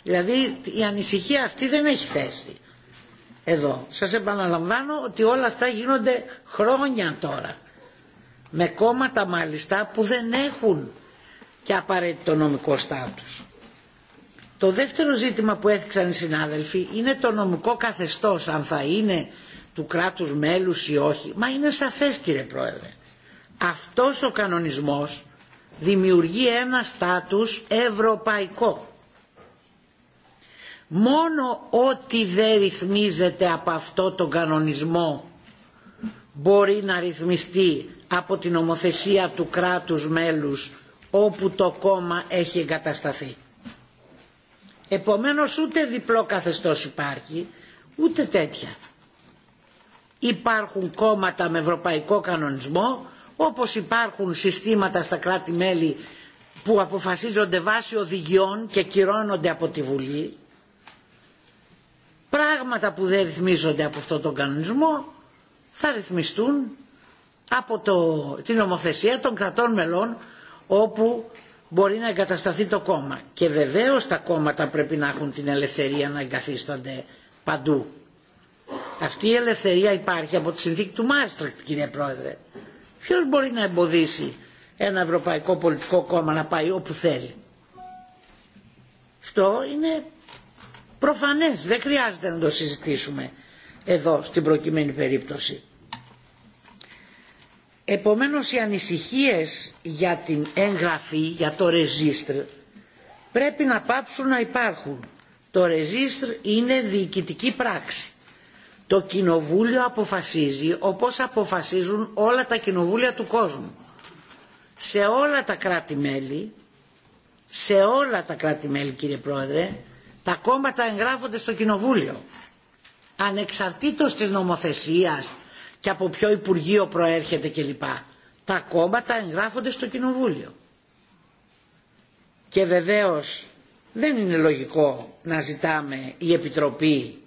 Δηλαδή η ανησυχία αυτή δεν έχει θέση εδώ. Σας επαναλαμβάνω ότι όλα αυτά γίνονται χρόνια τώρα. Με κόμματα μάλιστα που δεν έχουν και απαραίτητο νομικό στάτους. Το δεύτερο ζήτημα που έθιξαν οι συνάδελφοι είναι το νομικό καθεστώς, αν θα είναι του κράτους μέλους ή όχι. Μα είναι σαφές κύριε Πρόεδρε. Αυτός ο κανονισμός δημιουργεί ένα στάτους ευρωπαϊκό μόνο ό,τι δεν ρυθμίζεται από αυτό τον κανονισμό μπορεί να ρυθμιστεί από την ομοθεσία του κράτους μέλους όπου το κόμμα έχει εγκατασταθεί. Επομένως ούτε διπλό καθεστώς υπάρχει, ούτε τέτοια. Υπάρχουν κόμματα με ευρωπαϊκό κανονισμό, όπως υπάρχουν συστήματα στα κράτη-μέλη που αποφασίζονται βάσει οδηγιών και κυρώνονται από τη Βουλή, πράγματα που δεν ρυθμίζονται από αυτόν τον κανονισμό θα ρυθμιστούν από το, την νομοθεσία των κρατών μελών όπου μπορεί να εγκατασταθεί το κόμμα. Και βεβαίως τα κόμματα πρέπει να έχουν την ελευθερία να εγκαθίστανται παντού. Αυτή η ελευθερία υπάρχει από τη συνθήκη του Μάστρικτ, κύριε Πρόεδρε. Ποιος μπορεί να εμποδίσει ένα ευρωπαϊκό πολιτικό κόμμα να πάει όπου θέλει. Αυτό είναι Προφανές, δεν χρειάζεται να το συζητήσουμε εδώ στην προκειμένη περίπτωση. Επομένως οι ανησυχίες για την εγγραφή, για το ρεζίστρ, πρέπει να πάψουν να υπάρχουν. Το ρεζίστρ είναι διοικητική πράξη. Το κοινοβούλιο αποφασίζει όπως αποφασίζουν όλα τα κοινοβούλια του κόσμου. Σε όλα τα κράτη-μέλη, σε όλα τα κράτη-μέλη κύριε Πρόεδρε, Τα κόμματα εγγράφονται στο Κοινοβούλιο. Ανεξαρτήτως της νομοθεσίας και από ποιο Υπουργείο προέρχεται κλπ. Τα κόμματα εγγράφονται στο Κοινοβούλιο. Και βεβαίως δεν είναι λογικό να ζητάμε η Επιτροπή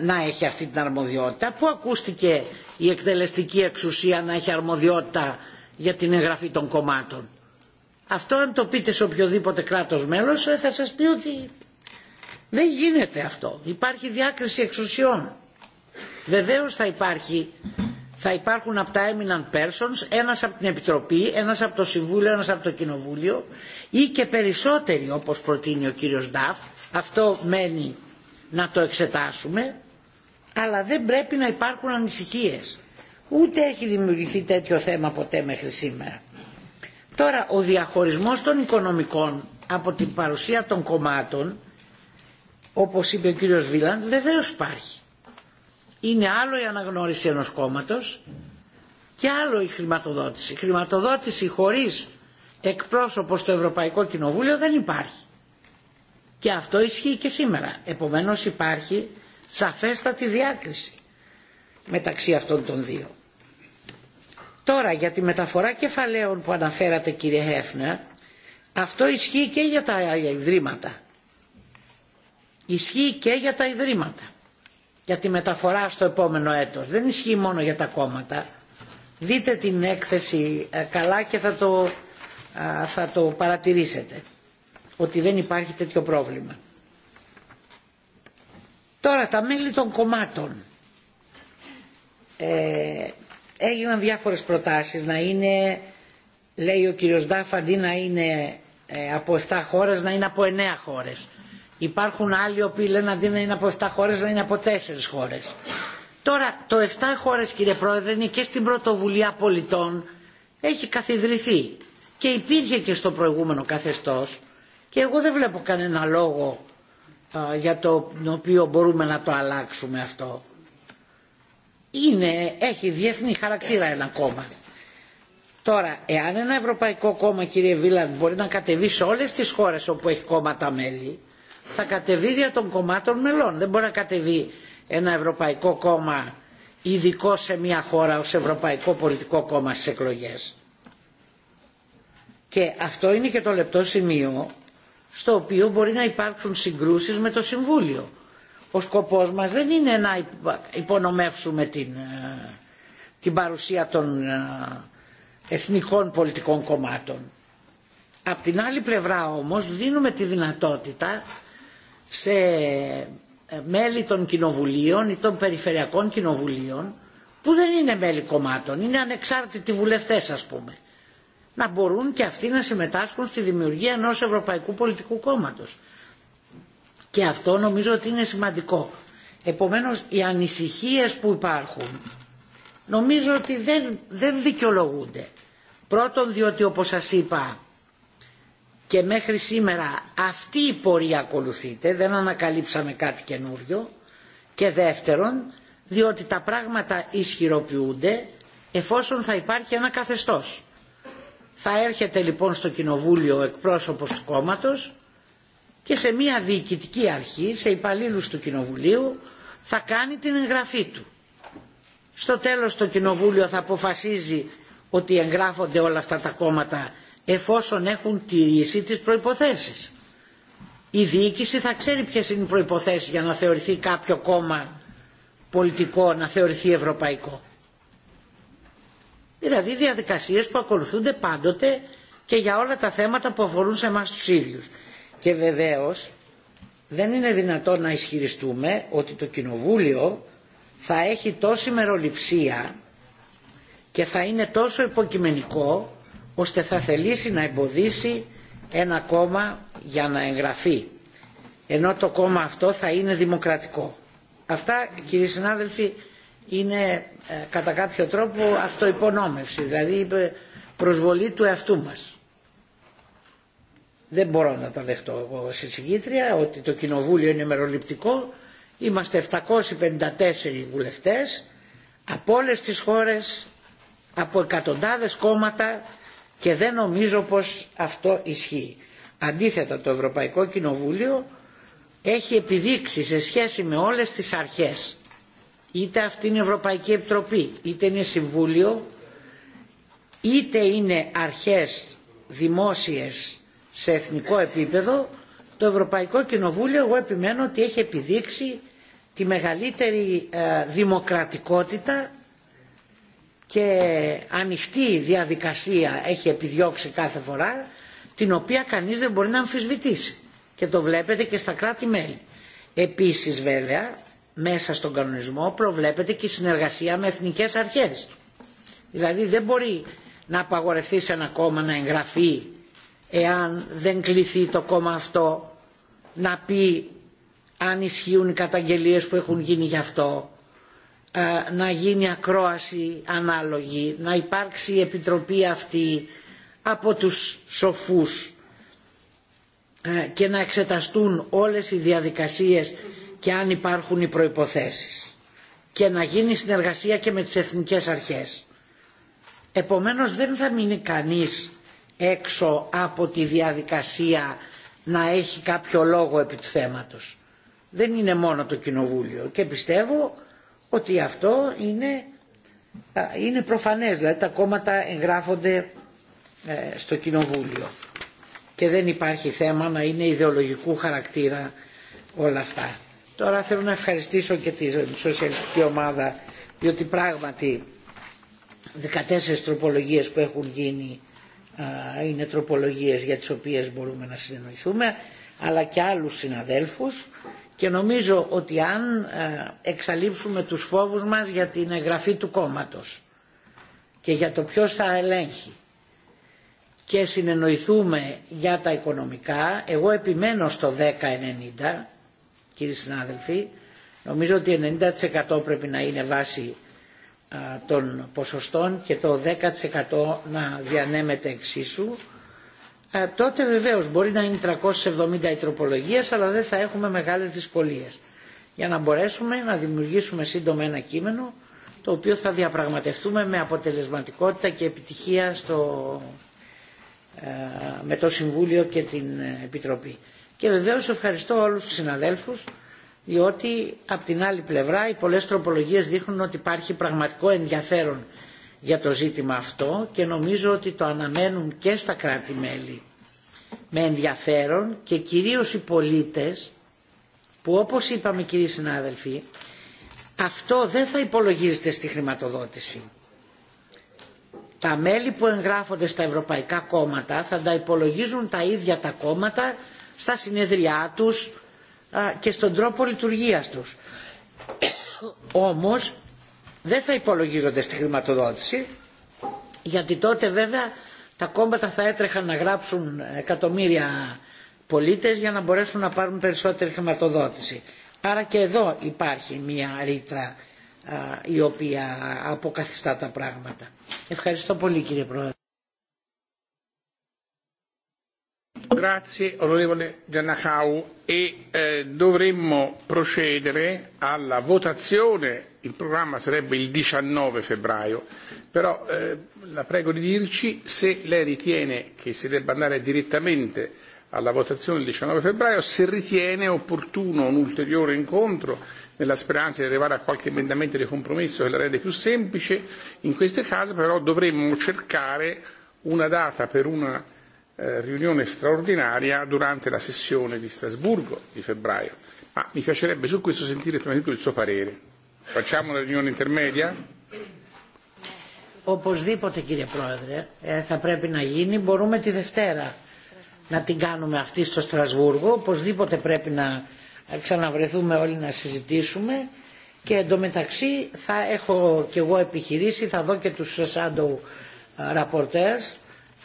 να έχει αυτή την αρμοδιότητα. Πού ακούστηκε η εκτελεστική εξουσία να έχει αρμοδιότητα για την εγγραφή των κομμάτων. Αυτό αν το πείτε σε οποιοδήποτε κράτος μέλος θα σας πει ότι Δεν γίνεται αυτό. Υπάρχει διάκριση εξουσιών. Βεβαίως θα υπάρχει θα υπάρχουν από τα eminent persons, ένας από την Επιτροπή, ένας από το Συμβούλιο, ένας από το Κοινοβούλιο ή και περισσότεροι όπως προτείνει ο κύριος Νταφ. Αυτό μένει να το εξετάσουμε, αλλά δεν πρέπει να υπάρχουν ανησυχίες. Ούτε έχει δημιουργηθεί τέτοιο θέμα ποτέ μέχρι σήμερα. Τώρα, ο διαχωρισμός των οικονομικών από την παρουσία των κομμάτων όπως είπε ο κύριος Βίλαντ, βεβαίως υπάρχει. Είναι άλλο η αναγνώριση ενός κόμματος και άλλο η χρηματοδότηση. Η χρηματοδότηση χωρίς εκπρόσωπο στο Ευρωπαϊκό Κοινοβούλιο δεν υπάρχει. Και αυτό ισχύει και σήμερα. Επομένως υπάρχει σαφέστατη διάκριση μεταξύ αυτών των δύο. Τώρα για τη μεταφορά κεφαλαίων που αναφέρατε κύριε Χέφνερ, αυτό ισχύει και για τα ιδρύματα ισχύει και για τα ιδρύματα, για τη μεταφορά στο επόμενο έτος. Δεν ισχύει μόνο για τα κόμματα. Δείτε την έκθεση καλά και θα το, θα το παρατηρήσετε ότι δεν υπάρχει τέτοιο πρόβλημα. Τώρα τα μέλη των κομμάτων. Ε, έγιναν διάφορες προτάσεις να είναι, λέει ο κύριος Ντάφ, αντί να είναι ε, από 7 χώρες, να είναι από 9 χώρες. Υπάρχουν άλλοι οποίοι λένε αντί να είναι από 7 χώρες να είναι από 4 χώρες. Τώρα το 7 χώρες κύριε Πρόεδρε είναι και στην πρωτοβουλία πολιτών έχει καθιδρυθεί και υπήρχε και στο προηγούμενο καθεστώς και εγώ δεν βλέπω κανένα λόγο α, για το οποίο μπορούμε να το αλλάξουμε αυτό. Είναι, έχει διεθνή χαρακτήρα ένα κόμμα. Τώρα, εάν ένα ευρωπαϊκό κόμμα, κύριε Βίλαντ, μπορεί να κατεβεί σε όλες τις χώρες όπου έχει κόμματα μέλη, θα κατεβεί δια των κομμάτων μελών. Δεν μπορεί να κατεβεί ένα ευρωπαϊκό κόμμα ειδικό σε μια χώρα ως Ευρωπαϊκό Πολιτικό Κόμμα στις εκλογές. Και αυτό είναι και το λεπτό σημείο στο οποίο μπορεί να υπάρξουν συγκρούσεις με το Συμβούλιο. Ο σκοπός μας δεν είναι να υπονομεύσουμε την, την παρουσία των εθνικών πολιτικών κομμάτων. Απ' την άλλη πλευρά όμως δίνουμε τη δυνατότητα σε μέλη των κοινοβουλίων ή των περιφερειακών κοινοβουλίων που δεν είναι μέλη κομμάτων, είναι ανεξάρτητοι βουλευτές ας πούμε να μπορούν και αυτοί να συμμετάσχουν στη δημιουργία ενός Ευρωπαϊκού Πολιτικού Κόμματος. Και αυτό νομίζω ότι είναι σημαντικό. Επομένως, οι ανησυχίες που υπάρχουν νομίζω ότι δεν, δεν δικαιολογούνται. Πρώτον, διότι όπως σας είπα, και μέχρι σήμερα αυτή η πορεία ακολουθείται, δεν ανακαλύψαμε κάτι καινούριο και δεύτερον διότι τα πράγματα ισχυροποιούνται εφόσον θα υπάρχει ένα καθεστώς. Θα έρχεται λοιπόν στο κοινοβούλιο εκπρόσωπος του κόμματος και σε μια διοικητική αρχή, σε υπαλλήλους του κοινοβουλίου, θα κάνει την εγγραφή του. Στο τέλος το κοινοβούλιο θα αποφασίζει ότι εγγράφονται όλα αυτά τα κόμματα εφόσον έχουν τηρήσει τις προϋποθέσεις. Η διοίκηση θα ξέρει ποιες είναι οι προϋποθέσεις για να θεωρηθεί κάποιο κόμμα πολιτικό, να θεωρηθεί ευρωπαϊκό. Δηλαδή διαδικασίες που ακολουθούνται πάντοτε και για όλα τα θέματα που αφορούν σε εμάς τους ίδιους. Και βεβαίως δεν είναι δυνατόν να ισχυριστούμε ότι το Κοινοβούλιο θα έχει τόση μεροληψία και θα είναι τόσο υποκειμενικό ώστε θα θελήσει να εμποδίσει ένα κόμμα για να εγγραφεί ενώ το κόμμα αυτό θα είναι δημοκρατικό. Αυτά κύριοι συνάδελφοι είναι ε, κατά κάποιο τρόπο αυτοϋπονόμευση, δηλαδή προσβολή του εαυτού μας. Δεν μπορώ να τα δεχτώ εγώ σε συγκήτρια ότι το κοινοβούλιο είναι μεροληπτικό. Είμαστε 754 βουλευτές από όλες τις χώρες, από εκατοντάδες κόμματα και δεν νομίζω πως αυτό ισχύει. Αντίθετα το Ευρωπαϊκό Κοινοβούλιο έχει επιδείξει σε σχέση με όλες τις αρχές είτε αυτή είναι η Ευρωπαϊκή Επιτροπή, είτε είναι Συμβούλιο, είτε είναι αρχές δημόσιες σε εθνικό επίπεδο, το Ευρωπαϊκό Κοινοβούλιο εγώ επιμένω ότι έχει επιδείξει τη μεγαλύτερη ε, δημοκρατικότητα και ανοιχτή διαδικασία έχει επιδιώξει κάθε φορά, την οποία κανείς δεν μπορεί να αμφισβητήσει. Και το βλέπετε και στα κράτη-μέλη. Επίσης βέβαια, μέσα στον κανονισμό προβλέπεται και η συνεργασία με εθνικές αρχές. Δηλαδή δεν μπορεί να απαγορευτεί σε ένα κόμμα να εγγραφεί εάν δεν κληθεί το κόμμα αυτό να πει αν ισχύουν οι καταγγελίες που έχουν γίνει γι' αυτό, να γίνει ακρόαση ανάλογη, να υπάρξει η Επιτροπή αυτή από τους σοφούς και να εξεταστούν όλες οι διαδικασίες και αν υπάρχουν οι προϋποθέσεις και να γίνει συνεργασία και με τις εθνικές αρχές. Επομένως δεν θα μείνει κανείς έξω από τη διαδικασία να έχει κάποιο λόγο επί του θέματος. Δεν είναι μόνο το Κοινοβούλιο και πιστεύω ότι αυτό είναι, είναι προφανές, δηλαδή τα κόμματα εγγράφονται ε, στο κοινοβούλιο και δεν υπάρχει θέμα να είναι ιδεολογικού χαρακτήρα όλα αυτά. Τώρα θέλω να ευχαριστήσω και τη σοσιαλιστική ομάδα διότι πράγματι 14 τροπολογίες που έχουν γίνει α, είναι τροπολογίες για τις οποίες μπορούμε να συνεννοηθούμε αλλά και άλλους συναδέλφους και νομίζω ότι αν εξαλείψουμε τους φόβους μας για την εγγραφή του κόμματος και για το ποιος θα ελέγχει και συνεννοηθούμε για τα οικονομικά, εγώ επιμένω στο 10-90, κύριοι συνάδελφοι, νομίζω ότι 90% πρέπει να είναι βάση των ποσοστών και το 10% να διανέμεται εξίσου τότε βεβαίως μπορεί να είναι 370 οι τροπολογίες, αλλά δεν θα έχουμε μεγάλες δυσκολίες για να μπορέσουμε να δημιουργήσουμε σύντομα ένα κείμενο το οποίο θα διαπραγματευτούμε με αποτελεσματικότητα και επιτυχία στο, με το Συμβούλιο και την Επιτροπή. Και βεβαίως ευχαριστώ όλους τους συναδέλφους διότι από την άλλη πλευρά οι πολλές τροπολογίες δείχνουν ότι υπάρχει πραγματικό ενδιαφέρον για το ζήτημα αυτό και νομίζω ότι το αναμένουν και στα κράτη-μέλη με ενδιαφέρον και κυρίως οι πολίτες που όπως είπαμε κύριοι συνάδελφοι αυτό δεν θα υπολογίζεται στη χρηματοδότηση. Τα μέλη που εγγράφονται στα ευρωπαϊκά κόμματα θα τα υπολογίζουν τα ίδια τα κόμματα στα συνεδριά τους και στον τρόπο λειτουργίας τους. Όμως δεν θα υπολογίζονται στη χρηματοδότηση, γιατί τότε βέβαια τα κόμματα θα έτρεχαν να γράψουν εκατομμύρια πολίτες για να μπορέσουν να πάρουν περισσότερη χρηματοδότηση. Άρα και εδώ υπάρχει μια ρήτρα η οποία αποκαθιστά τα πράγματα. Ευχαριστώ πολύ κύριε Πρόεδρε. Grazie onorevole Giannacau e eh, dovremmo procedere alla votazione, il programma sarebbe il 19 febbraio, però eh, la prego di dirci se lei ritiene che si debba andare direttamente alla votazione il 19 febbraio, se ritiene opportuno un ulteriore incontro nella speranza di arrivare a qualche emendamento di compromesso che la rende più semplice, in questo caso però dovremmo cercare una data per una eh, riunione straordinaria durante la sessione di Strasburgo di febbraio. Ma mi piacerebbe su questo sentire prima di tutto il suo parere. Facciamo una riunione intermedia? Οπωσδήποτε κύριε Πρόεδρε, ε, θα πρέπει να γίνει. Μπορούμε τη Δευτέρα να την κάνουμε αυτή στο Στρασβούργο. Οπωσδήποτε πρέπει να ξαναβρεθούμε όλοι να συζητήσουμε. Και εντωμεταξύ θα έχω κι εγώ επιχειρήσει, θα δω και τους shadow rapporteurs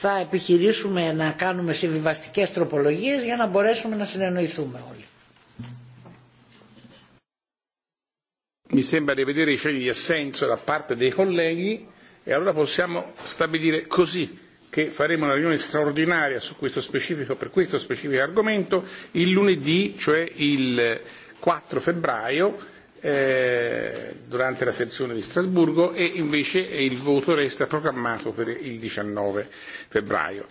θα επιχειρήσουμε να κάνουμε συμβιβαστικές τροπολογίες για να μπορέσουμε να συνεννοηθούμε όλοι. Mi sembra di vedere i cenni di assenso da parte dei colleghi e allora possiamo stabilire così che faremo una riunione straordinaria su questo specifico, per questo specifico argomento il lunedì, cioè il 4 febbraio Eh, durante la sessione di Strasburgo e invece eh, il voto resta programmato per il 19 febbraio.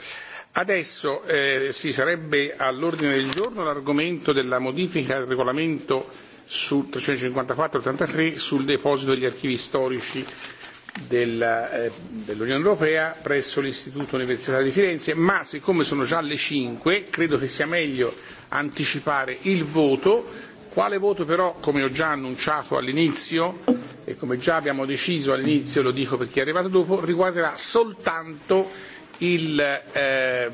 Adesso eh, si sarebbe all'ordine del giorno l'argomento della modifica del regolamento su 354-83 sul deposito degli archivi storici della, eh, dell'Unione Europea presso l'Istituto Universitario di Firenze, ma siccome sono già le 5 credo che sia meglio anticipare il voto Quale voto però, come ho già annunciato all'inizio e come già abbiamo deciso all'inizio, lo dico per chi è arrivato dopo, riguarderà soltanto il, eh,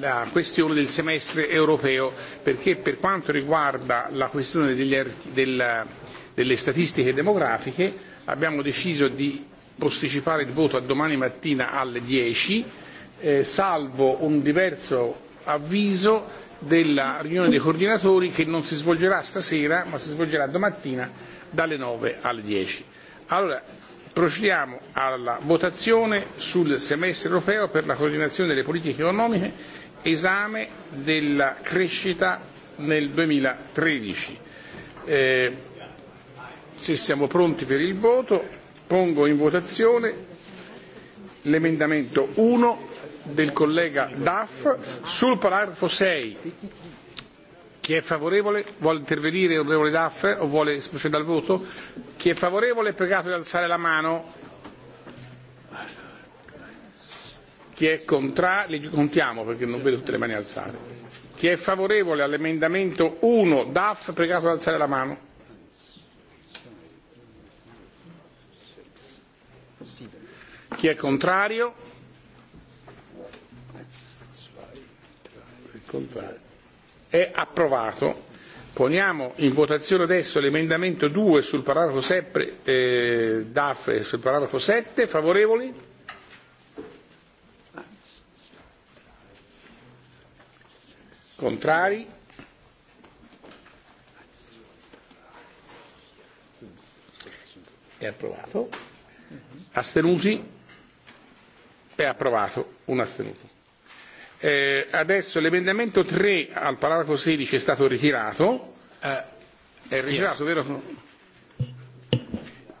la questione del semestre europeo, perché per quanto riguarda la questione degli, er, del, delle statistiche demografiche abbiamo deciso di posticipare il voto a domani mattina alle 10, eh, salvo un diverso avviso della riunione dei coordinatori che non si svolgerà stasera ma si svolgerà domattina dalle 9 alle 10. Allora, procediamo alla votazione sul semestre europeo per la coordinazione delle politiche economiche, esame della crescita nel 2013. Eh, se siamo pronti per il voto, pongo in votazione l'emendamento 1 del collega Duff sul paragrafo 6. Chi è favorevole? Vuole intervenire onorevole Duff o vuole procedere al voto? Chi è favorevole è pregato di alzare la mano. Chi è contrario? Li contiamo perché non vedo tutte le mani alzate. Chi è favorevole all'emendamento 1 DAF pregato di alzare la mano. Chi è contrario? Contrario. È approvato. Poniamo in votazione adesso l'emendamento 2 sul paragrafo 7, eh, DAF sul paragrafo 7, favorevoli? Contrari? È approvato. Astenuti? È approvato. Un astenuto. Eh, adesso l'emendamento 3 al paragrafo 16 è stato ritirato. Uh, è ritirato, yes. vero?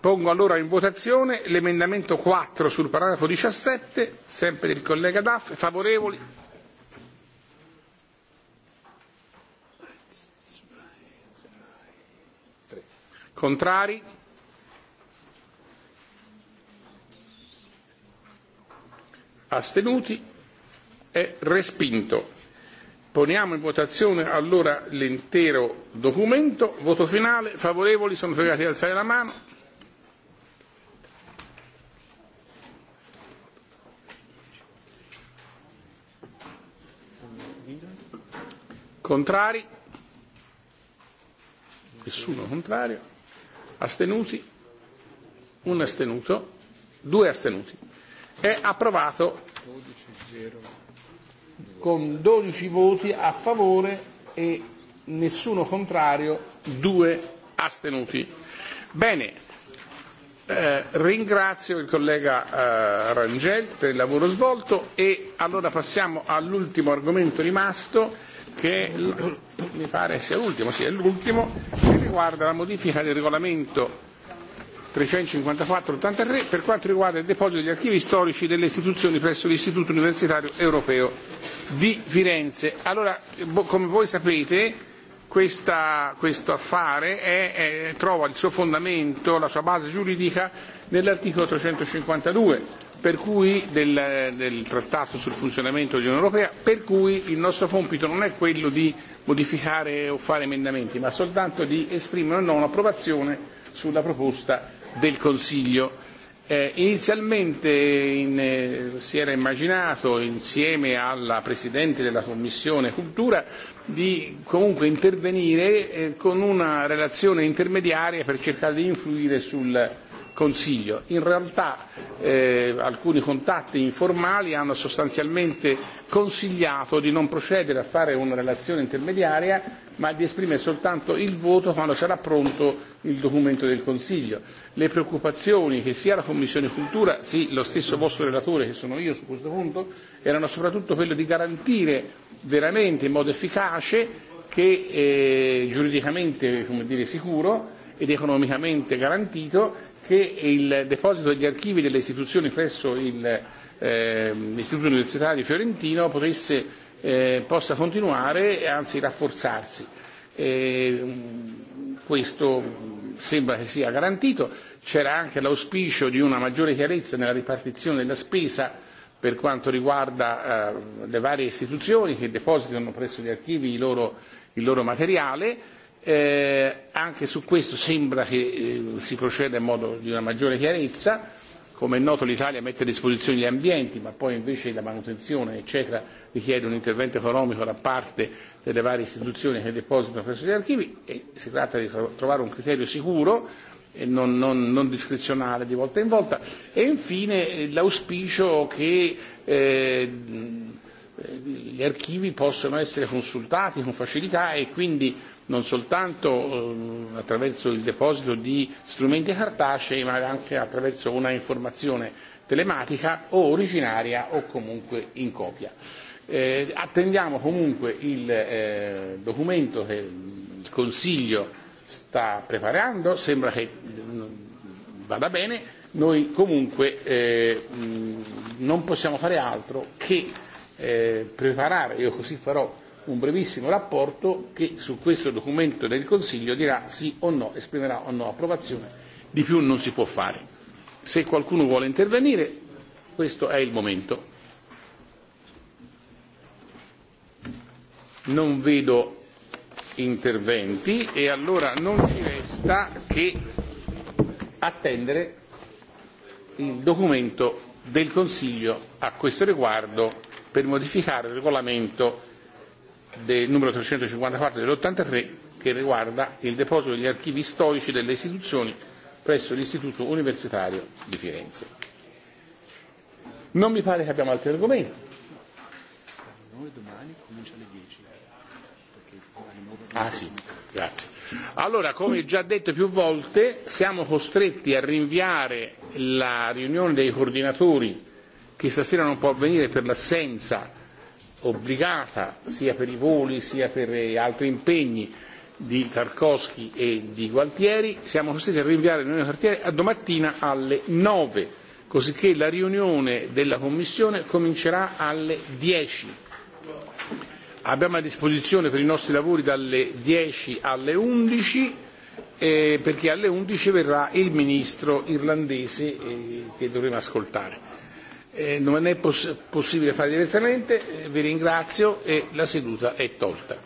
Pongo allora in votazione l'emendamento 4 sul paragrafo 17, sempre del collega Daff. Favorevoli? Contrari? Astenuti? è respinto. Poniamo in votazione allora l'intero documento. Voto finale. Favorevoli sono pregati ad alzare la mano. Contrari? Nessuno contrario. Astenuti? Un astenuto. Due astenuti. È approvato. 12, 0 con 12 voti a favore e nessuno contrario, due astenuti. Bene, eh, ringrazio il collega eh, Rangel per il lavoro svolto e allora passiamo all'ultimo argomento rimasto che mi pare sia l'ultimo, sì, è l'ultimo, che riguarda la modifica del regolamento 354-83 per quanto riguarda il deposito degli archivi storici delle istituzioni presso l'Istituto Universitario Europeo di Firenze. Allora, come voi sapete, questa, questo affare è, è, trova il suo fondamento, la sua base giuridica nell'articolo 352 per cui, del, del Trattato sul funzionamento dell'Unione Europea, per cui il nostro compito non è quello di modificare o fare emendamenti, ma soltanto di esprimere o no un'approvazione sulla proposta del Consiglio Eh, inizialmente in, eh, si era immaginato, insieme alla Presidente della Commissione Cultura, di comunque intervenire eh, con una relazione intermediaria per cercare di influire sul Consiglio. In realtà eh, alcuni contatti informali hanno sostanzialmente consigliato di non procedere a fare una relazione intermediaria ma di esprimere soltanto il voto quando sarà pronto il documento del Consiglio. Le preoccupazioni che sia la Commissione Cultura, sì lo stesso vostro relatore che sono io su questo punto, erano soprattutto quelle di garantire veramente in modo efficace che eh, giuridicamente come dire, sicuro ed economicamente garantito che il deposito degli archivi delle istituzioni presso il, eh, l'Istituto Universitario Fiorentino potesse, eh, possa continuare e anzi rafforzarsi. E, mm, questo sembra che sia garantito. C'era anche l'auspicio di una maggiore chiarezza nella ripartizione della spesa per quanto riguarda eh, le varie istituzioni che depositano presso gli archivi il loro, il loro materiale Eh, anche su questo sembra che eh, si proceda in modo di una maggiore chiarezza. Come è noto l'Italia mette a disposizione gli ambienti, ma poi invece la manutenzione eccetera richiede un intervento economico da parte delle varie istituzioni che depositano presso gli archivi e si tratta di trovare un criterio sicuro e non, non, non discrezionale di volta in volta. E infine eh, l'auspicio che eh, gli archivi possano essere consultati con facilità e quindi non soltanto eh, attraverso il deposito di strumenti cartacei, ma anche attraverso una informazione telematica o originaria o comunque in copia. Eh, attendiamo comunque il eh, documento che il Consiglio sta preparando, sembra che mm, vada bene, noi comunque eh, mm, non possiamo fare altro che eh, preparare, io così farò, un brevissimo rapporto che su questo documento del Consiglio dirà sì o no, esprimerà o no approvazione, di più non si può fare. Se qualcuno vuole intervenire, questo è il momento. Non vedo interventi e allora non ci resta che attendere il documento del Consiglio a questo riguardo per modificare il regolamento del numero 354 dell'83 che riguarda il deposito degli archivi storici delle istituzioni presso l'Istituto Universitario di Firenze. Non mi pare che abbiamo altri argomenti. Ah sì, grazie. Allora, come già detto più volte, siamo costretti a rinviare la riunione dei coordinatori che stasera non può avvenire per l'assenza obbligata sia per i voli sia per eh, altri impegni di Tarkovsky e di Gualtieri, siamo costretti a rinviare l'unione quartiere a domattina alle 9, cosicché la riunione della Commissione comincerà alle 10. Abbiamo a disposizione per i nostri lavori dalle 10 alle 11 eh, perché alle 11 verrà il ministro irlandese eh, che dovremo ascoltare. Eh, non è poss- possibile fare diversamente, eh, vi ringrazio e la seduta è tolta.